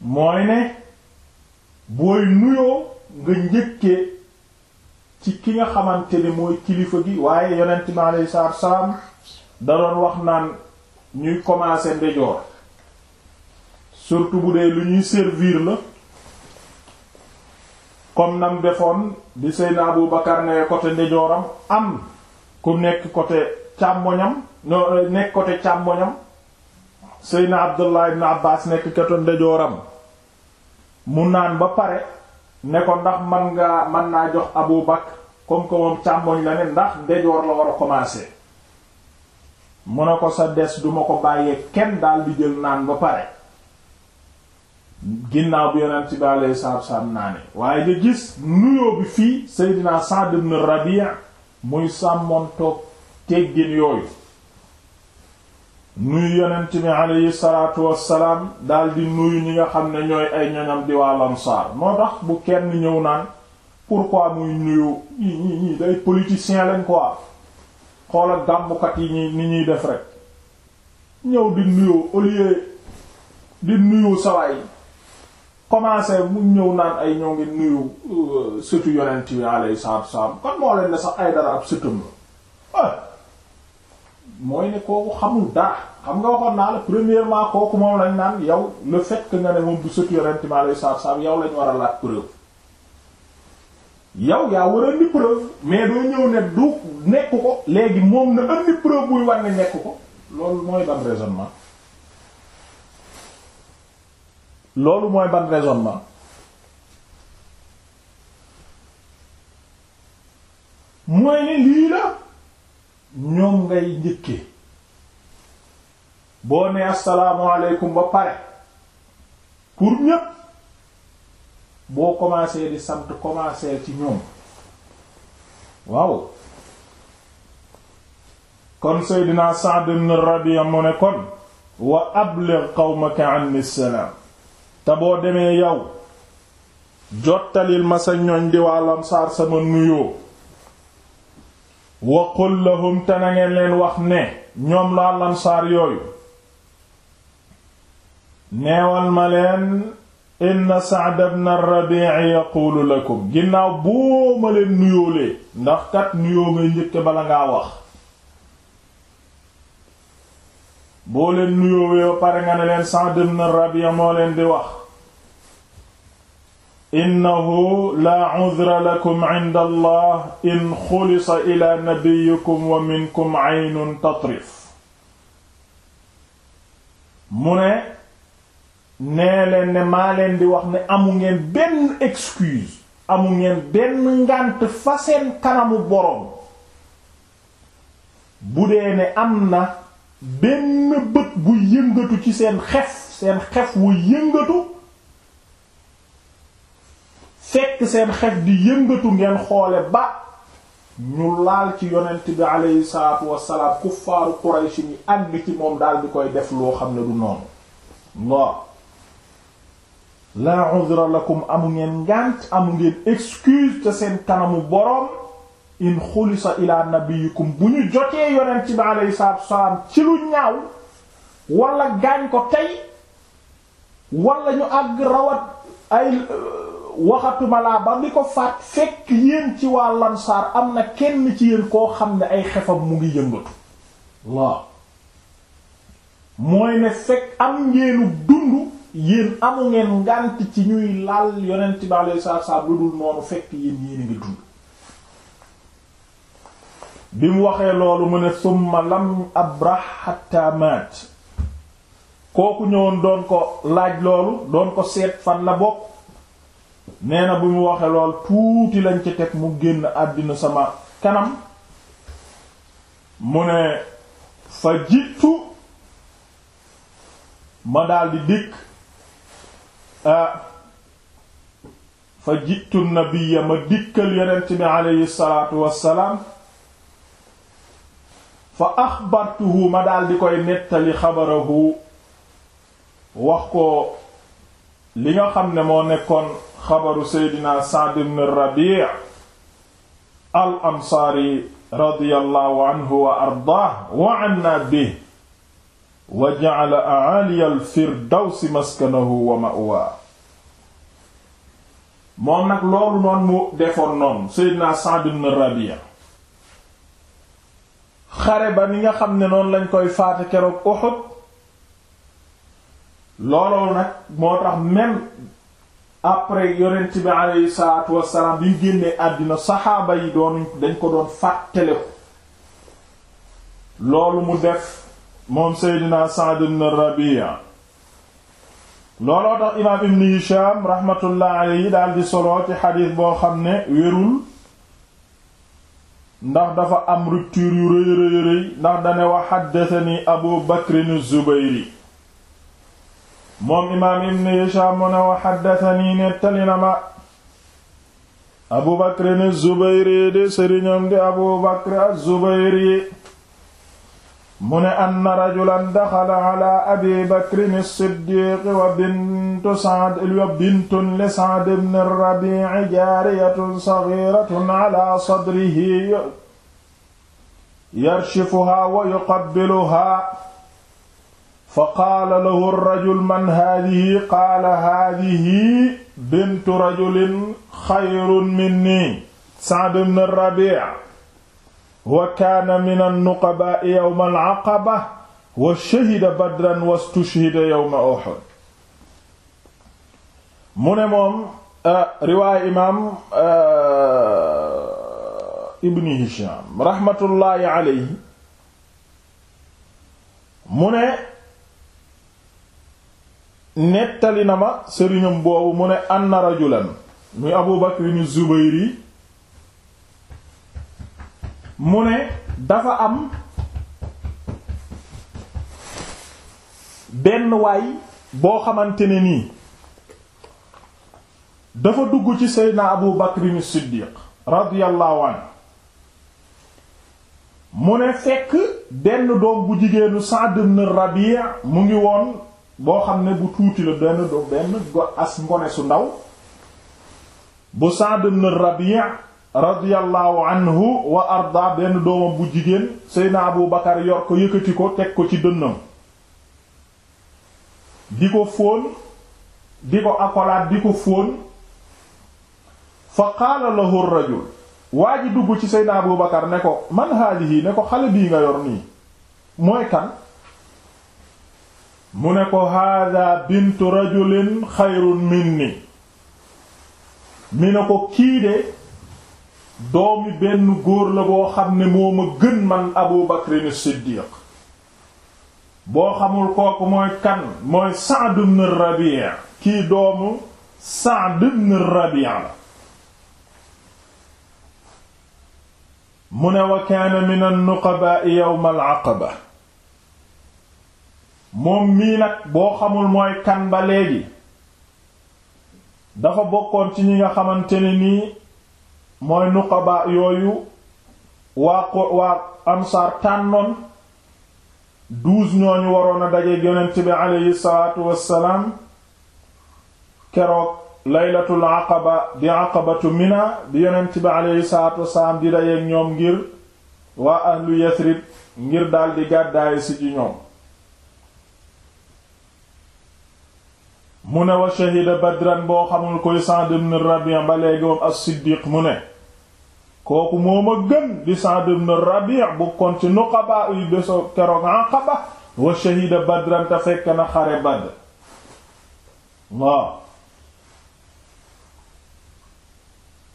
mooy ne booy nuyoo nga njëkkee ci ki nga xamante ne mooy kilifa gi waaye yonent mi alayhi salaatu wa da doon wax naan ñuy commencer ndejoor surtout bu dee lu ñuy servir la comme nam defoon di Seydina Abu Bakar ne côté ndejooram am ku nekk côté càmmoñam no eh, nekk côté càmmoñam Seydina Abdullah ibn Abbas nekk côté ndeyjooram mu naan ba pare ne ko ndax man nga mën naa jox Abu Bakr comme que moom càmmoñ la ne ndax ndeyjoor la war a commencer mu ne ko sa des duma ko bàyyee kenn daal di jël naan ba pare ginnaaw bi yonent bi alayhi salaatu wa naane waaye nga gis nuyoo bi fii Seydina Sa'd ibn muy sàmmoon toog teggin yooyu nuyu yonent bi aleyhi salaatu wassalaam daldi nuyu ñi nga xam ne ñooy ay ñoñam di waa lamsaar moo tax bu kenn ñëw naa pourquoi muy nuyu ñi ñi ñi day politicien lañ quoi xoolal gàmbukat yi ñi ni ñuy def rek ñëw di nuyu au lieu di nuyu sawaay commencé mu ñëw naan ay ñoo ngi nuyu euh, sëtu yonent yi alayhi salaatu salaam kon moo leen ne sax ay dara ab sëtam la ah, mooy ne kooku xamul dara xam nga waxoon naa la premièrement kooku moom lañ naan yow le fait nga ne moom bu sëtu yonent bi alayhi salaatu salaam yow lañ war a laaj preuve yow yaa war a indi mais doo ñëw ne du nekk ko léegi moom na indi preuve buy war ne nekk ko loolu mooy ban raisonnement loolu mooy ban raisonnement mooy ne lii la ñoom ngay njëkke boo ne asalaamaaleykum ba pare pour ñépp boo commencé di sant commencé ci ñoom waaw kon Seydina Sa'd ibn Rabi'a mu ne kon wa abligh qawmaka anni salaam te boo demee yow jottalil ma sa ñoñ di waa lamsaar sama nuyoo wa qul te na ngeen leen wax ne ñoom laa lamsaar yooyu neewal ma leen inna Sa'd ibn Rabi'i yaqulu lakum ginnaaw boo ma leen nuyoolee ndax kat nuyoo ngay njëkke bala ngaa wax boo leen nuyoowee ba pare nga ne leen Sa'd ibn Rabi'a moo leen di wax innahu laa udra lakum inda allah mu ne nee leen ne maa leen di wax ne amu ngeen benn excuse amu ngeen benn ngànt fa seen kanamu boroom bu dee ne am na benn bët bu yëngatu ci seen xef seen xef wu yëngatu fekk seen xef di yëngatu ngeen xoole ba ñu laal ci yonent bi aleyhi salaatu wassalaam kuffaaru Quraysh ni àgg ci moom daal di koy def loo xam ne du noonu waaw laa udra lakum amu ngeen ngànt amu ngeen excuse ca seen kanamu boroom in xulisa ila nabiyikum bu ñu jotee yonent bi alayhi salaatu wasalaam ci lu ñaaw wala gaañ ko tey wala ñu àgg rawat ay euh, waxatuma laa ba li ko faat fekk yéen ci waa lansaar am na kenn ci yéen koo xam ne ay xefam mu ngi yëngatu waaw mooy ne fekk am ngeenu dund yéen amu ngeen ngànt ci ñuy laal yonent bi alayhi salaatu lu dul noonu fekk yéen yéen ngi dund bi mu waxee loolu mu ne summa lam abrah hatta kooku ñëwoon doon ko laaj loolu doon ko seet fan la bokk nee na bi mu waxee lool tuuti lañ ci teg mu génn àddina sama kanam mu ne fa jiitu ma daldi dikk fa jiitu nabiyya ma dikkal yonent bi aleyhi salaatu wassalaam fa axbartuhu ma daal di koy nettali xabarahu wax ko li nga xam ne moo nekkoon xabaru seydina Sa'd ibn Rabi' al ansaari radiyallahu anhu wa ardaah wa anna bihi wa ja'ala a'aliya al firdawsi maskanahu wa ma'waa moom nag loolu noonu mu defoon noonu seydina Sa'd ibn Rabi' xare ba ni nga xam ne noonu lañ koy faate keroog Uhud looloo nag moo tax même après yonent bi aleyhi salaatu wassalaam bi ñu génnee àddina saxaaba yi dañ ko doon fàttaleku loolu mu def moom Seydina Sa'd ibn Rabi'a looloo tax imaam Ibn Hisham rahmatullah aleyhi daal di solo ci xadiis boo xam ne wérul ndax dafa am rupture yu rëy rëy rëy ndax dane wa xaddatani abu bakrin zubayri moom imaam ibn hishaam mu ne wa xaddatani nettali na ma abu bakrin zubayri de sëriñam di abu bakr az-zubayri mu ne anna rajulan daxala ala abi bakrin as-siddiq wa bintu sa'd wa bintun li sa'd ibn ar-rabi' jaariyatun saghiratun ala sadrihi yarshifuha wa yuqabbiluha faqaala lahu ar-rajul man haadihi qaala haadihi bintu rajulin xayrun minni sa'd ibn ar-rabi' wa kaana min an-nuqabaa'i yawma al-'aqaba wa shahida badran wastushhida yawma uhud mu ne moom euh, riwaay imaam euh, ibn hisham raxmatullaahi alayhi mu ne nettali na ma sëriñam boobu mu ne anna rajulan muy abu bakr ibn zubayri mu ne dafa am benn waay boo xamante ni nii dafa dugg ci seydna abu bakrin siddiq radiyallahu anhu mu ne fekk benn doom bu jigéenu Sa'd ibn Rabi' mu ngi woon boo xam ne bu tuuti la benn do as ngone su ndaw bu Sa'd ibn Rabi' radiyallahu anhu wa arda benn doomam bu jigéen seyna abu bakar yor ko yëkkati ko teg ko ci dënnam di ko fóon di ko akolaat di ko fóon fa qaala lahu rajul waa ji dugg ci seyna abu bakar ne ko man haadihi ne ko xale bii nga yor nii mooy kan mu ne ko haada bintu rajulin xayrun minni mi ne ko kii doomi benn góor la boo xam ne moo ma gën man Abu Bakr as boo xamul kooku mooy kan mooy Sa'd ibn kii doomu Sa'd ibn mu ne wa kaana min an-nuqabaa'i aqaba moom mii nag boo xamul mooy kan ba léegi dafa bokkoon ci ñi nga xamante ne nii mooy nuqaba yooyu waa ko waa ansaar tànnoon douze ñooñu waroon a daje yonent bi aleyhi salaatu wassalaam keroog laylatul aqaba di aqabatu mina di yonent bi aleyhi salaatu wassalaam di dajeeg ñoom ngir waa ahlu yasrib ngir daldi gàddaayi si ñoom mu ne wa shahida badran boo xamul koy Sa'd ibn Rabi' ba léegi moom as mu ne kooku moom a gën di Sa'd ibn Rabi' bu kon ci nuqaba uy béso keroog Aqaba wa shahida badran te fekk na xare Badr waaw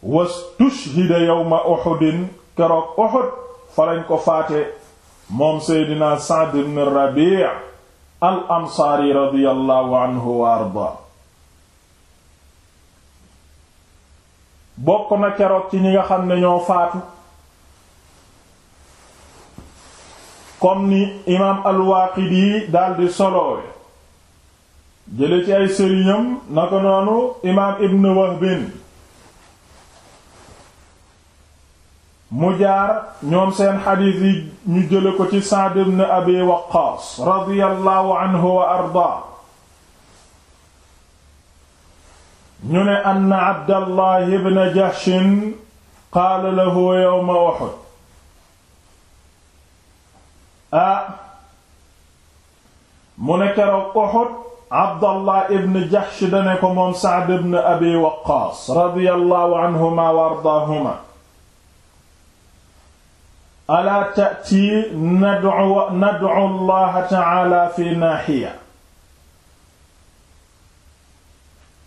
wastushhida yawma Uhud keroog Uhud fa ko faate moom Seydina Sa'd ibn Rabi' al ansaari radiyallahu wa ardaa bokk na keroog ci ñi nga xam ne ñoo faatu comme ni imaam al-Waaqidi daldi soloowe jële ci ay sëriñam na ko noonu imaam ibn Wahbin mu ñoom seen xadiis yi ñu jële ko ci Sa'd ibn Abi Waqqaas radiyallahu anhu wa ardaa ñu ne ann Abdallah ibn Jahshin qaala lahu yawma Uhud ah mu ne keroog Uhud Abdallah ibn Jahsh dane ko moom Sa'd ibn Abi Waqqaas radiyallahu anhuma wa ardaahuma alaa tati nad'u nad'u allaha taala fi naaxiya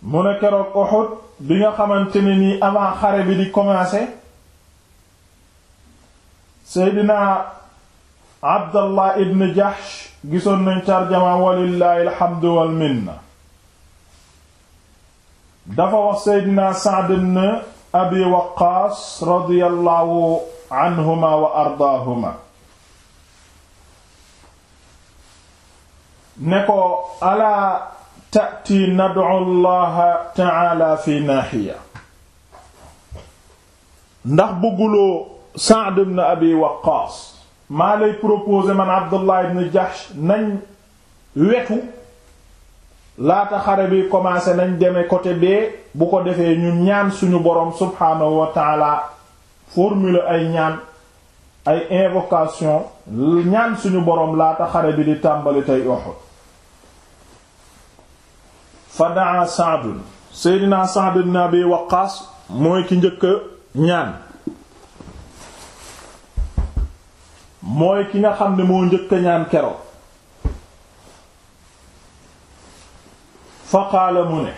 mu ne keroog Uhud bi nga xamante ne nii avant xare bi di commencer Seydina Abdallah ibn Jahsh gisoon nañ tarjama walillahi alhamdu wal minna dafa wax Seydina Sa'd ibn Abi Waqqaas radiyallahu anhuma ne ko alaa tati nadu allaha fi naaxiya ndax bëgguloo Saad ibn Abi Waqqaas maa lay proposé man Abdullah ibn Jahsh nañ wetu laata xare bi commencé nañ deme côté bee bu ko defee ñu ñaan suñu boroom subhaanahu wa formule ay ñaan ay invocation ñaan suñu boroom laata xare bi di tàmbali tey Uhud fa daa Sa'd Seydina Sa'd ibn Abi Waqqas mooy ki njëkk ñaan mooy ki nga xam ne moo njëkk ñaan keroog fa qaala ne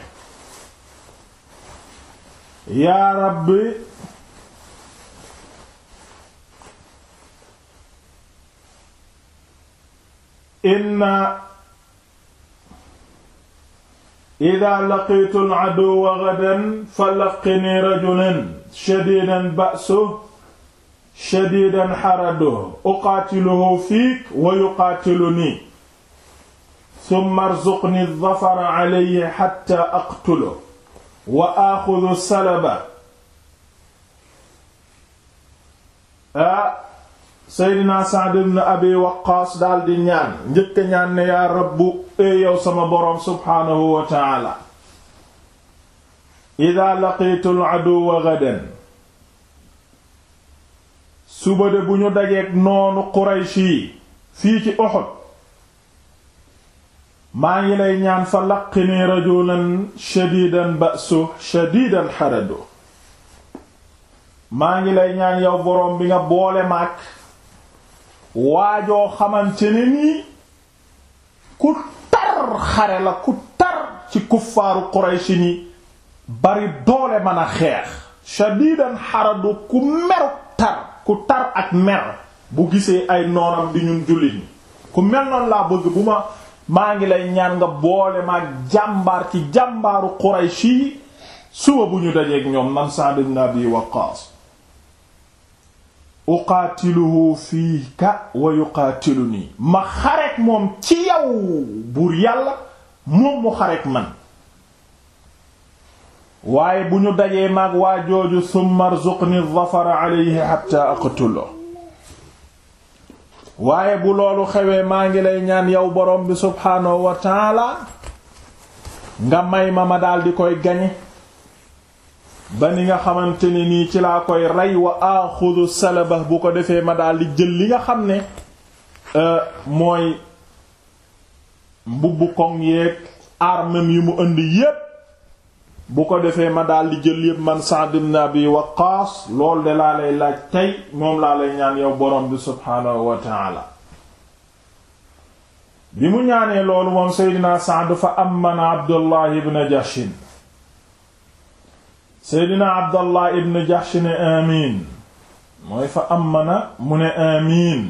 yaa rabbi inna ida laqitu al-aduwwa ghadan falaqini rajulan shadidan ba'suhu shadidan haraduhu uqaatiluhu fiik wa yuqaatiluni summa arzuqni ad-dhafara alayhi hatta aqtuluhu wa aaxudu salaba ah seydina Sa'd ibn Abi Waqqaas daldi ñaan njëkk ñaan ne yaa rabbu ee yow sama boroom subhaanahu wa ta'ala idaa laqiitul aduwwa gadan suba de bu ñu dajeek noonu Quraysh yi fii ci Uhud maa ngi lay ñaan fa laqini rajulan shadiidan ba'su shadiidan haradu maa ngi lay ñaan yow boroom bi nga boole maak waajoo xamante ne nii ku tar xare la ku tar ci kuffaaru Quraysh ni bari doole mën a xeex shadidan xaradu ku meru tar ku tar ak mer bu gisee ay noonam bi ñun jullit ñi ku mel noonu laa bëgg bu ma maa ngi lay ñaan nga boole ma jàmbaar ci jàmbaaru Quraysh yi suba bu ñu dajeeg ñoom man Sa'd ibn Abi Waqqas uqaatiluhu fiika wa yuqaatiluni ma xareek moom ci yow buur yàlla moom mu xareek man waaye bu ñu dajee maag waa jooju summa rzuqni dhafara alayhi hatta waaye bu loolu xewee maa ngi lay ñaan yow borom bi subhaanahu wa nga may ma ma daldi koy gañe ba ni nga xamante ne nii ci laa koy rey wa axudu salaba bu ko defee ma daal di jël li nga xam ne euh, mooy mbubbu koŋ yeeg armem yi mu indi yépp bu ko defee ma daal jël yépp man Sa'd bi Abi Waqqas loolu de laa lay laaj tey moom laa lay ñaan yow borom bi subhaanahu wa bi mu ñaanee loolu moom Seydina Sa'd fa amman Abdullah ibn Jashin seydina abdallah ibn jahsh amiin mooy fa amana mu ne amiin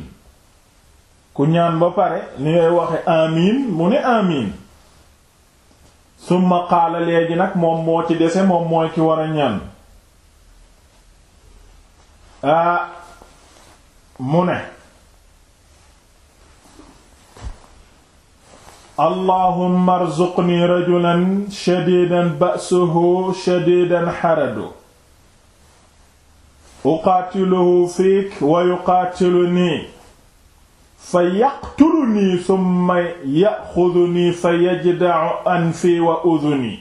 ku ñaan ba pare ni ngay waxe amiin mu ne amiin summa qaala léegi nag moom moo ci dese moom mooy ki war a ñaan aa ah, mu ne allahumma arzuqni rajulan shadidan ba'suhu shadidan haradu uqaatiluhu fiik wa yuqaatilunii fa yaqtulunii summa ya'xudunii fa yajda'u anfii wa udunii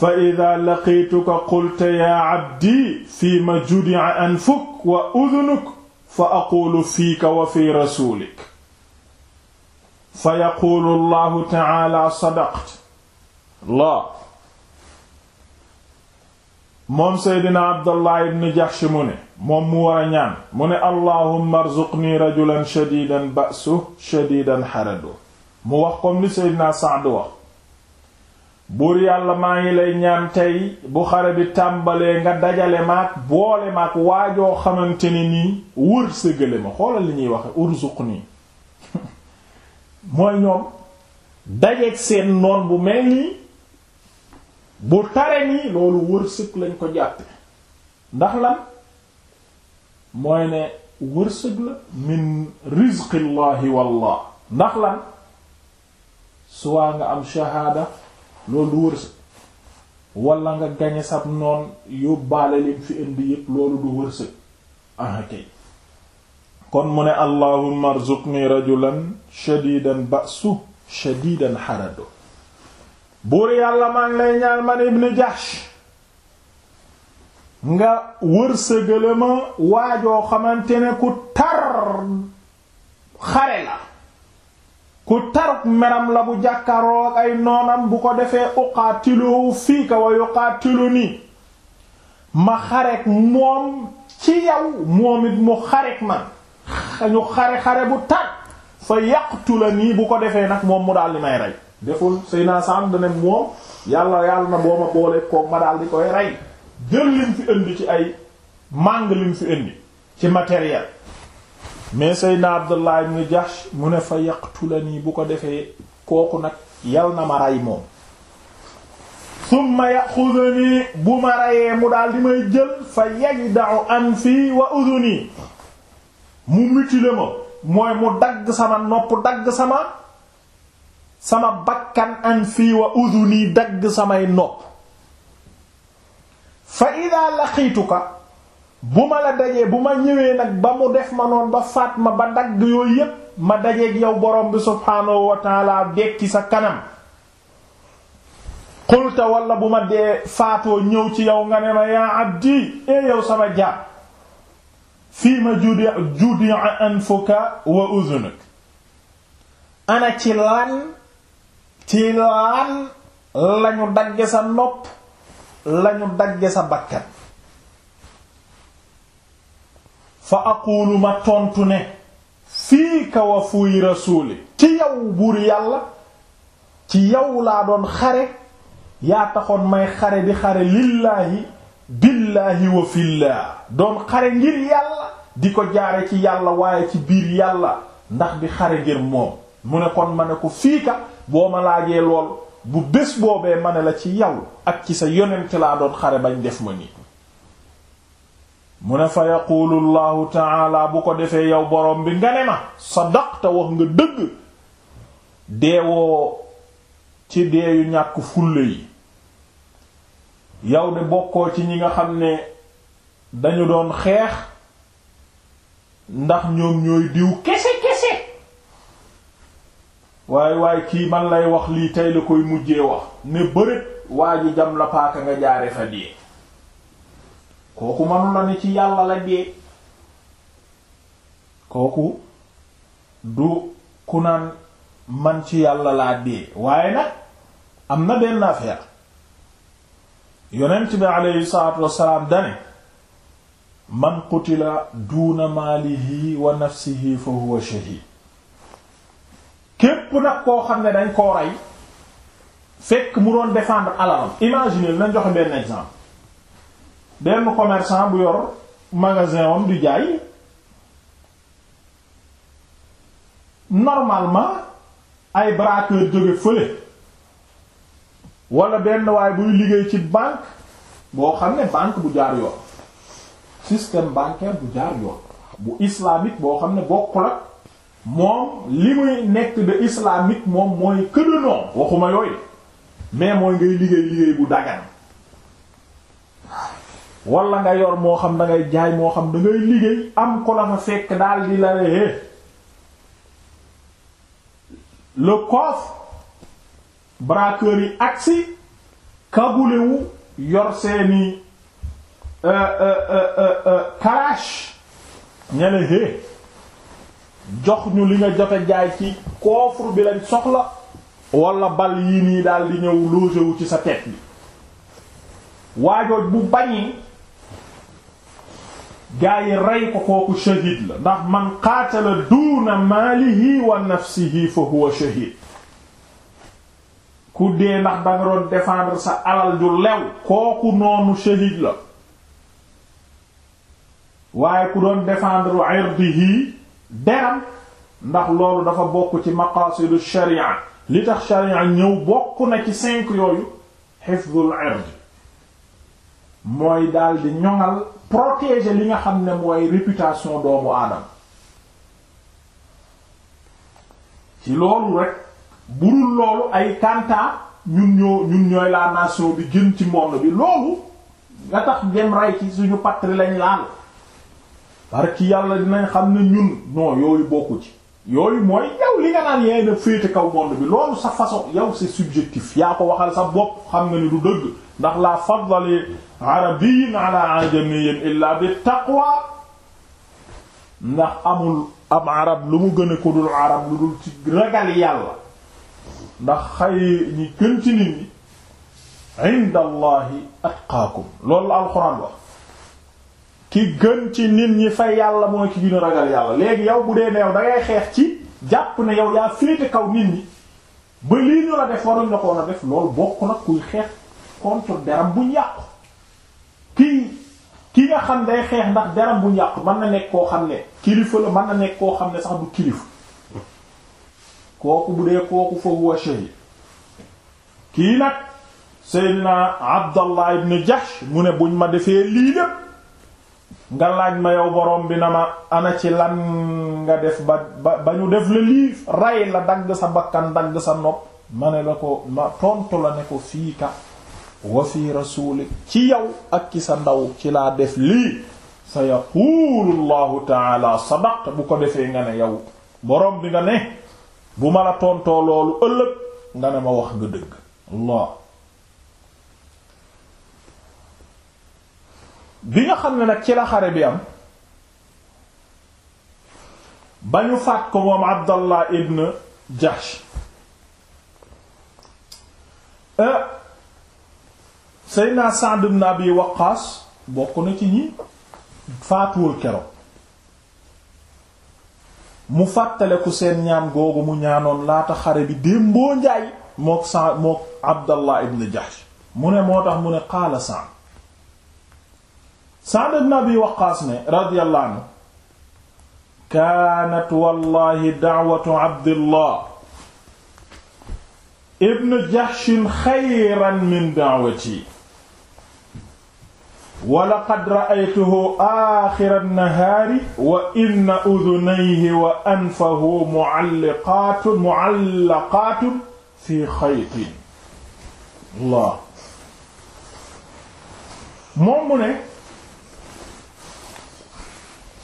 fa idaa laqiituka qulta yaa cabdii fiima judi'a anfuk wa udunuk fa aquulu fiika wa fii rasuulik fa yaquulu llahu taala sadaqt la moom seydina abdullah ibn jahsh mu ne moom mu war a ñaan mu ne allahumma arzuqni rajulan shadidan ba'su shadidan xaradu mu wax comme li seydina Sa'd wax buur yàlla maa ngi lay ñaan tey bu xare bi tàmbalee nga dajale maak boole maak waajoo xamante ni nii wër sëgale ma xoolal li ñuy waxe urzuqni mooy ñoom dajeeg seen noon bu mel nii bu tare nii loolu wërsëg lañ ko jàppe ndax lan mooy ne wërsëg la min rizqillahi wallah ndax lan suwaa nga am shahaada loolu wërsëg wala nga gañe sab noon yóbbaale leen fi indi yépp loolu du wërsëg ah kon mu ne allahumma arzuqni rajulan shadidan ba'su shadidan harado buur yàlla maa ngi lay ma man ibn jahsh nga wërsëgale ma waajoo xamante ne ku tar xare la ku taruk meram la bu jàkkaroo ay noonam bu ko defee uqaatiluhu fiika wa yuqaatiluni ma xarek moom ci yow moom it mu xarek man ñu xare xare bu tar fa nii bu ko defee nag moom mu daal di may rey deful sëy naa sam dane moom yàlla yàlla na boo ma boole koog ma daal di koy rey jël lim fi indi ci ay màng lim fi indi ci matériel mais Seydina Abdullah ibn Jahsh mu ne fa yaqtulani bu ko defee kooku nag yal na ma rey moom summa yaxuduni bu ma reyee mu daal di may jël fa yajda'u anfi wa udhuni mu mutilé ma mooy mu dagg sama nopp dagg sama sama bakkan an fii wa udhuni dagg samay nopp fa xiitu ka bu ma la dajee bu ma ñëwee nag ba mu def ma noon ba faat ma ba dagg yooyu yépp ma dajeeg yow borom bi subhaanahu wa taala dekki sa kanam qulta walla bu ma dee faatoo ñëw ci yow nga ne ma yaa abdi e yow sama jaam fiima judia judia anfuka wa uzunuk ana ci lan ci lan lañu dagge sa nopp lañu dagge sa bakkan fa aqulu ma tontu ne fii wa fuy rasuuli ci yow buur yàlla ci yow laa doon xare yaa taxoon may xare di xare lillaahi billaahi wa fillah doon xare ngir yàlla di ko jaare ci yàlla waaye ci biir yàlla ndax di xare ngir moom mu ne kon ma ne ko fii ka boo ma laajee lool bu bés boobee ma ne la ci yow ak ci sa yonent laa doon xare bañ def ma nii mu ne fa yaquulu allahu taala bu ko defee yow borom bi nga ne ma te wax nga dëgg deewoo ci deeyu ñàkk fulle yi yow de bokkoo ci ñi nga xam ne dañu doon xeex ndax ñoom ñooy diw kese kese waaye waaye kii man lay wax lii tey la koy mujjee wax ne bërét waa ji jam la paaka nga jaare fa dee kooku manu la ni ci yàlla la dee kooku du ku naan man ci yàlla laa dee waaye nag am na benn affaire yonent bi aleyhi salaatu wassalaam dane man qutila duuna maalihi wa nafsihi fa huwa shahid képp nag koo xam ne dañ koo rey fekk mu doon défendre alalam imaginez nañ joxe benn exemple benn commerçant bu yor magasin am du jaay normalement ay braqueur jóge fële wala benn waaye buy liggéey ci banque boo xam ne banque bu jaar yoon système bancaire bu jaar yoon bu islamique boo xam ne bokkul ak moom li muy nekk de islamique moom mooy këna noom waxuma yooyu mais mooy ngay liggéey liggéey bu dagan wala nga yor moo xam da jaay moo xam da ngay liggéey am ko la fa fekk daal di la le eh, le coffre braqueurs yi agsi kagulewu yor seeni euh, euh, euh, kalash ñene hé jox ñu li nga jote jaay ci coffre bi lañ soxla wala bal yii nii daal di ñëw logé ci sa tête bi waajooj bu bañi gaa yi rey ko kooku shahid la ndax man qatala duna malihi wa nafsihi fa huwa shahid ku dee ndax danga doon défendre sa alal ju lew kooku noonu shahid la waaye ku doon défendre irdihi deram ndax loolu dafa bokk ci maqaasidu sharia li tax sharia ñëw bokk na ci cinq yooyu hifdul ird mooy daldi ñoŋal protéger li nga xam ne mooy réputation doomu aadama ci loolu rek burul loolu ay kantaa ñun ñoo ñun ñooy la nation bi gën ci monde bi loolu nga tax dem rey ci suñu patrie lañ laal parce que yàlla dinañ xam ne ñun non yooyu bokku ci yooyu mooy yow li nga naan yaay na féete kaw monde bi loolu sa façon yow si subjectif yaa ko waxal sa bopp xam nga ni du dëgg ndax la faddali arabiyyin ala ajamiyyin illa bi taqwa ndax amul am arab lu mu gën a ko dul arab lu dul ci ragal yàlla ndax xayri ñi gën ci nit ñi inda allahi atqaakum loolu la alxuraan wax ki gën ci nit ñi fay yàlla mooy ki gën a ragal yàlla léegi yow bu dee ne yow xeex ci jàpp ne yow yaa féete kaw nit ñi ba lii ñu la def waruñ la ko war a def loolu bokk nag kuy xeex contre deram buñ yàqu kii ki nga xam day xeex ndax deram bu yàqu mën na nekk koo xam ne kilifa la mën na nekk koo xam ne sax du kilifa kooku bu dee kooku fa huwa shahid kii nag Seydina Abdallah ibn Jahsh mu ne buñ ma defee lii lépp nga laaj ma yow borom bi na ma ana ci lan nga def ba ba ñu def la lii rey la dagg sa bakkan dagg sa nopp ma ne la ko ma tontu la ne ko fii ka wa fi rasuulik ci yow ak ki sa ndaw ci laa def lii sa yaquulu allahu taala sadaqta bu ko defee nga ne yow borom bi nga ne bu ma la tontoo loolu ëllëg nga ne ma wax nga dëgg Allah bi nga xam ne nag ci la xare bi am ba ñu faat moom Abdallah ibn Jahsh eh, Seydina Sa'd ibn Abi Waqqas bokk na ci ñi faatuwul keroog mu fàttaleku seen ñaan googu mu ñaanoon laata xare bi démboo njaay mook sa mook abdallah ibn jahsh mu ne moo tax mu ne qaala Sa'd Sa'd ibn Abi Waqqaas ne radiyallahu anhu kaanat wallahi da'watu abdillah ibn jahshin xayran min da'wati wa laqad ra'aytuhu aaxira nahaari wa inna udunayhi wa anfahu mu'allaqaatun mu'allaqaatun fi xaytin Allah moom mu ne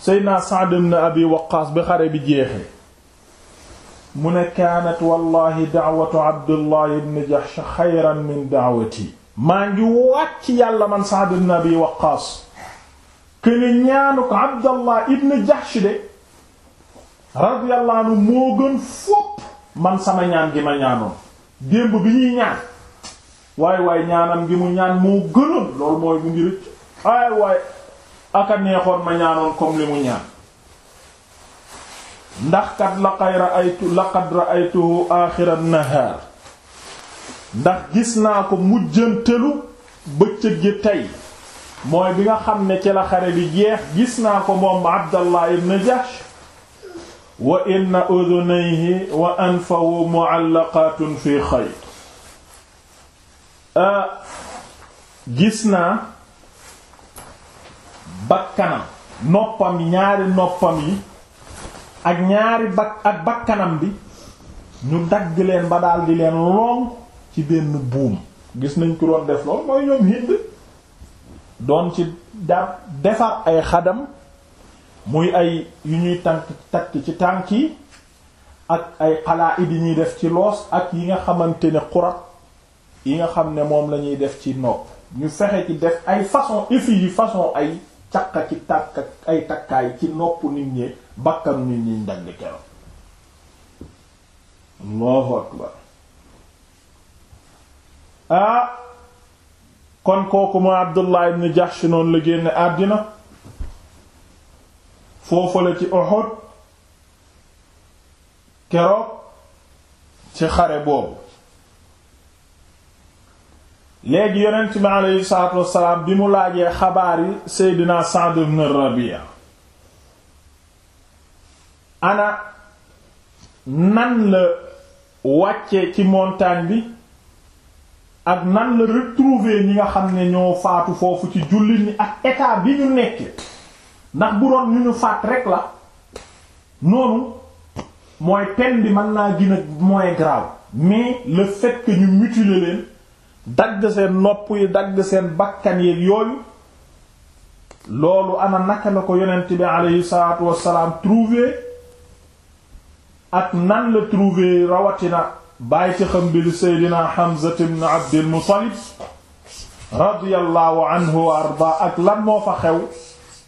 Seydina Sa'd ibn Abi Waqqaas bi xare bi jeexe mu ne kaanat wallaahi da'watu Abdullahi ibn Jahsh xayran min da'wati maa ngi wàcc yàlla man Sa'd ibn Abi Waqqaas këni ñaanuk Abdallah ibn Jahsh de radiyallahu moo gën fopp man sama ñaan gi ma ñaanoon démb bi ñuy ñaan waaye waaye ñaanam gi mu ñaan moo gënoon loolu mooy mu ngi rëcc waaye waaye aka neexoon ma ñaanoon comme li mu ñaan ndax kat laqad ra'aytu laqad ra'aytuhu aaxira nahaar ndax gis naa ko mujjantelu bëccëg gi tey mooy bi nga xam ne ci la xare bi jeex gis naa ko moom Abdallah ibn Jahsh wa inna udunayhi wa anfahu mu'allaqatun fi xayt euh, gis naa bakkanam noppam yi ñaari noppam yi ak ñaari bakkanam bi ñu dagg leen ba daal leen lonk ci benn buum gis nañ ko doon def lool mooy ñoom Hind doon ci da defar ay xadam muy ay yu ñuy tànk takk ci tànki yi ak ay xalaa it yi ñuy def ci loos ak yi nga xamante ne xurat yi nga xam ne moom lañuy def ci nopp ñu fexe ci def ay façon effigie façon ay caq ci tàkk ay takkaay ci nopp nit ñi bakkanu nit ñi ndagg keroog Allahu akbar ah kon kooku moo Abdullah ibn Jahsh la génne àddina foofu la ci Uhud keroog ci xare boobu léegi yonent bi aleyhi salaatu wassalaam bi mu laajee xabaar yi Seydina Sa'd ibn Rabi'a ana nan la wàcce ci montagne bi ak nan la retrouver ñi nga xam ne ñoo faatu foofu ci jullit ñi ak état bi ñu nekkee ndax bu doon ñu ñu faat rek la noonu mooy peine bi mën naa gën a moins grave mais le fait que ñu mutiler leen dagg seen nopp yi dagg seen bakkan yi yooyu loolu ana naka la ko yonent bi aleyhi salaatu wassalaam trouver ak nan la trouver rawatina bàyyi ci xam bi di Seydina Hamza ibn Abdil Muttalib radiyallahu anhu wa arda ak lan moo fa xew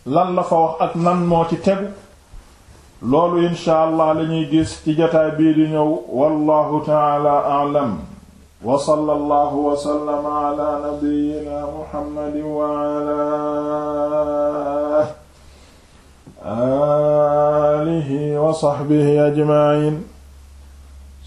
lan la fa wax ak lan moo ci tegu loolu incha allah la ñuy gis ci jotaay bii di ñëw wallahu ta'ala a'lam wa sallallahu wa sallama ala nabiyyina muhammadin wa ala alihi wa sahbihi ajma'in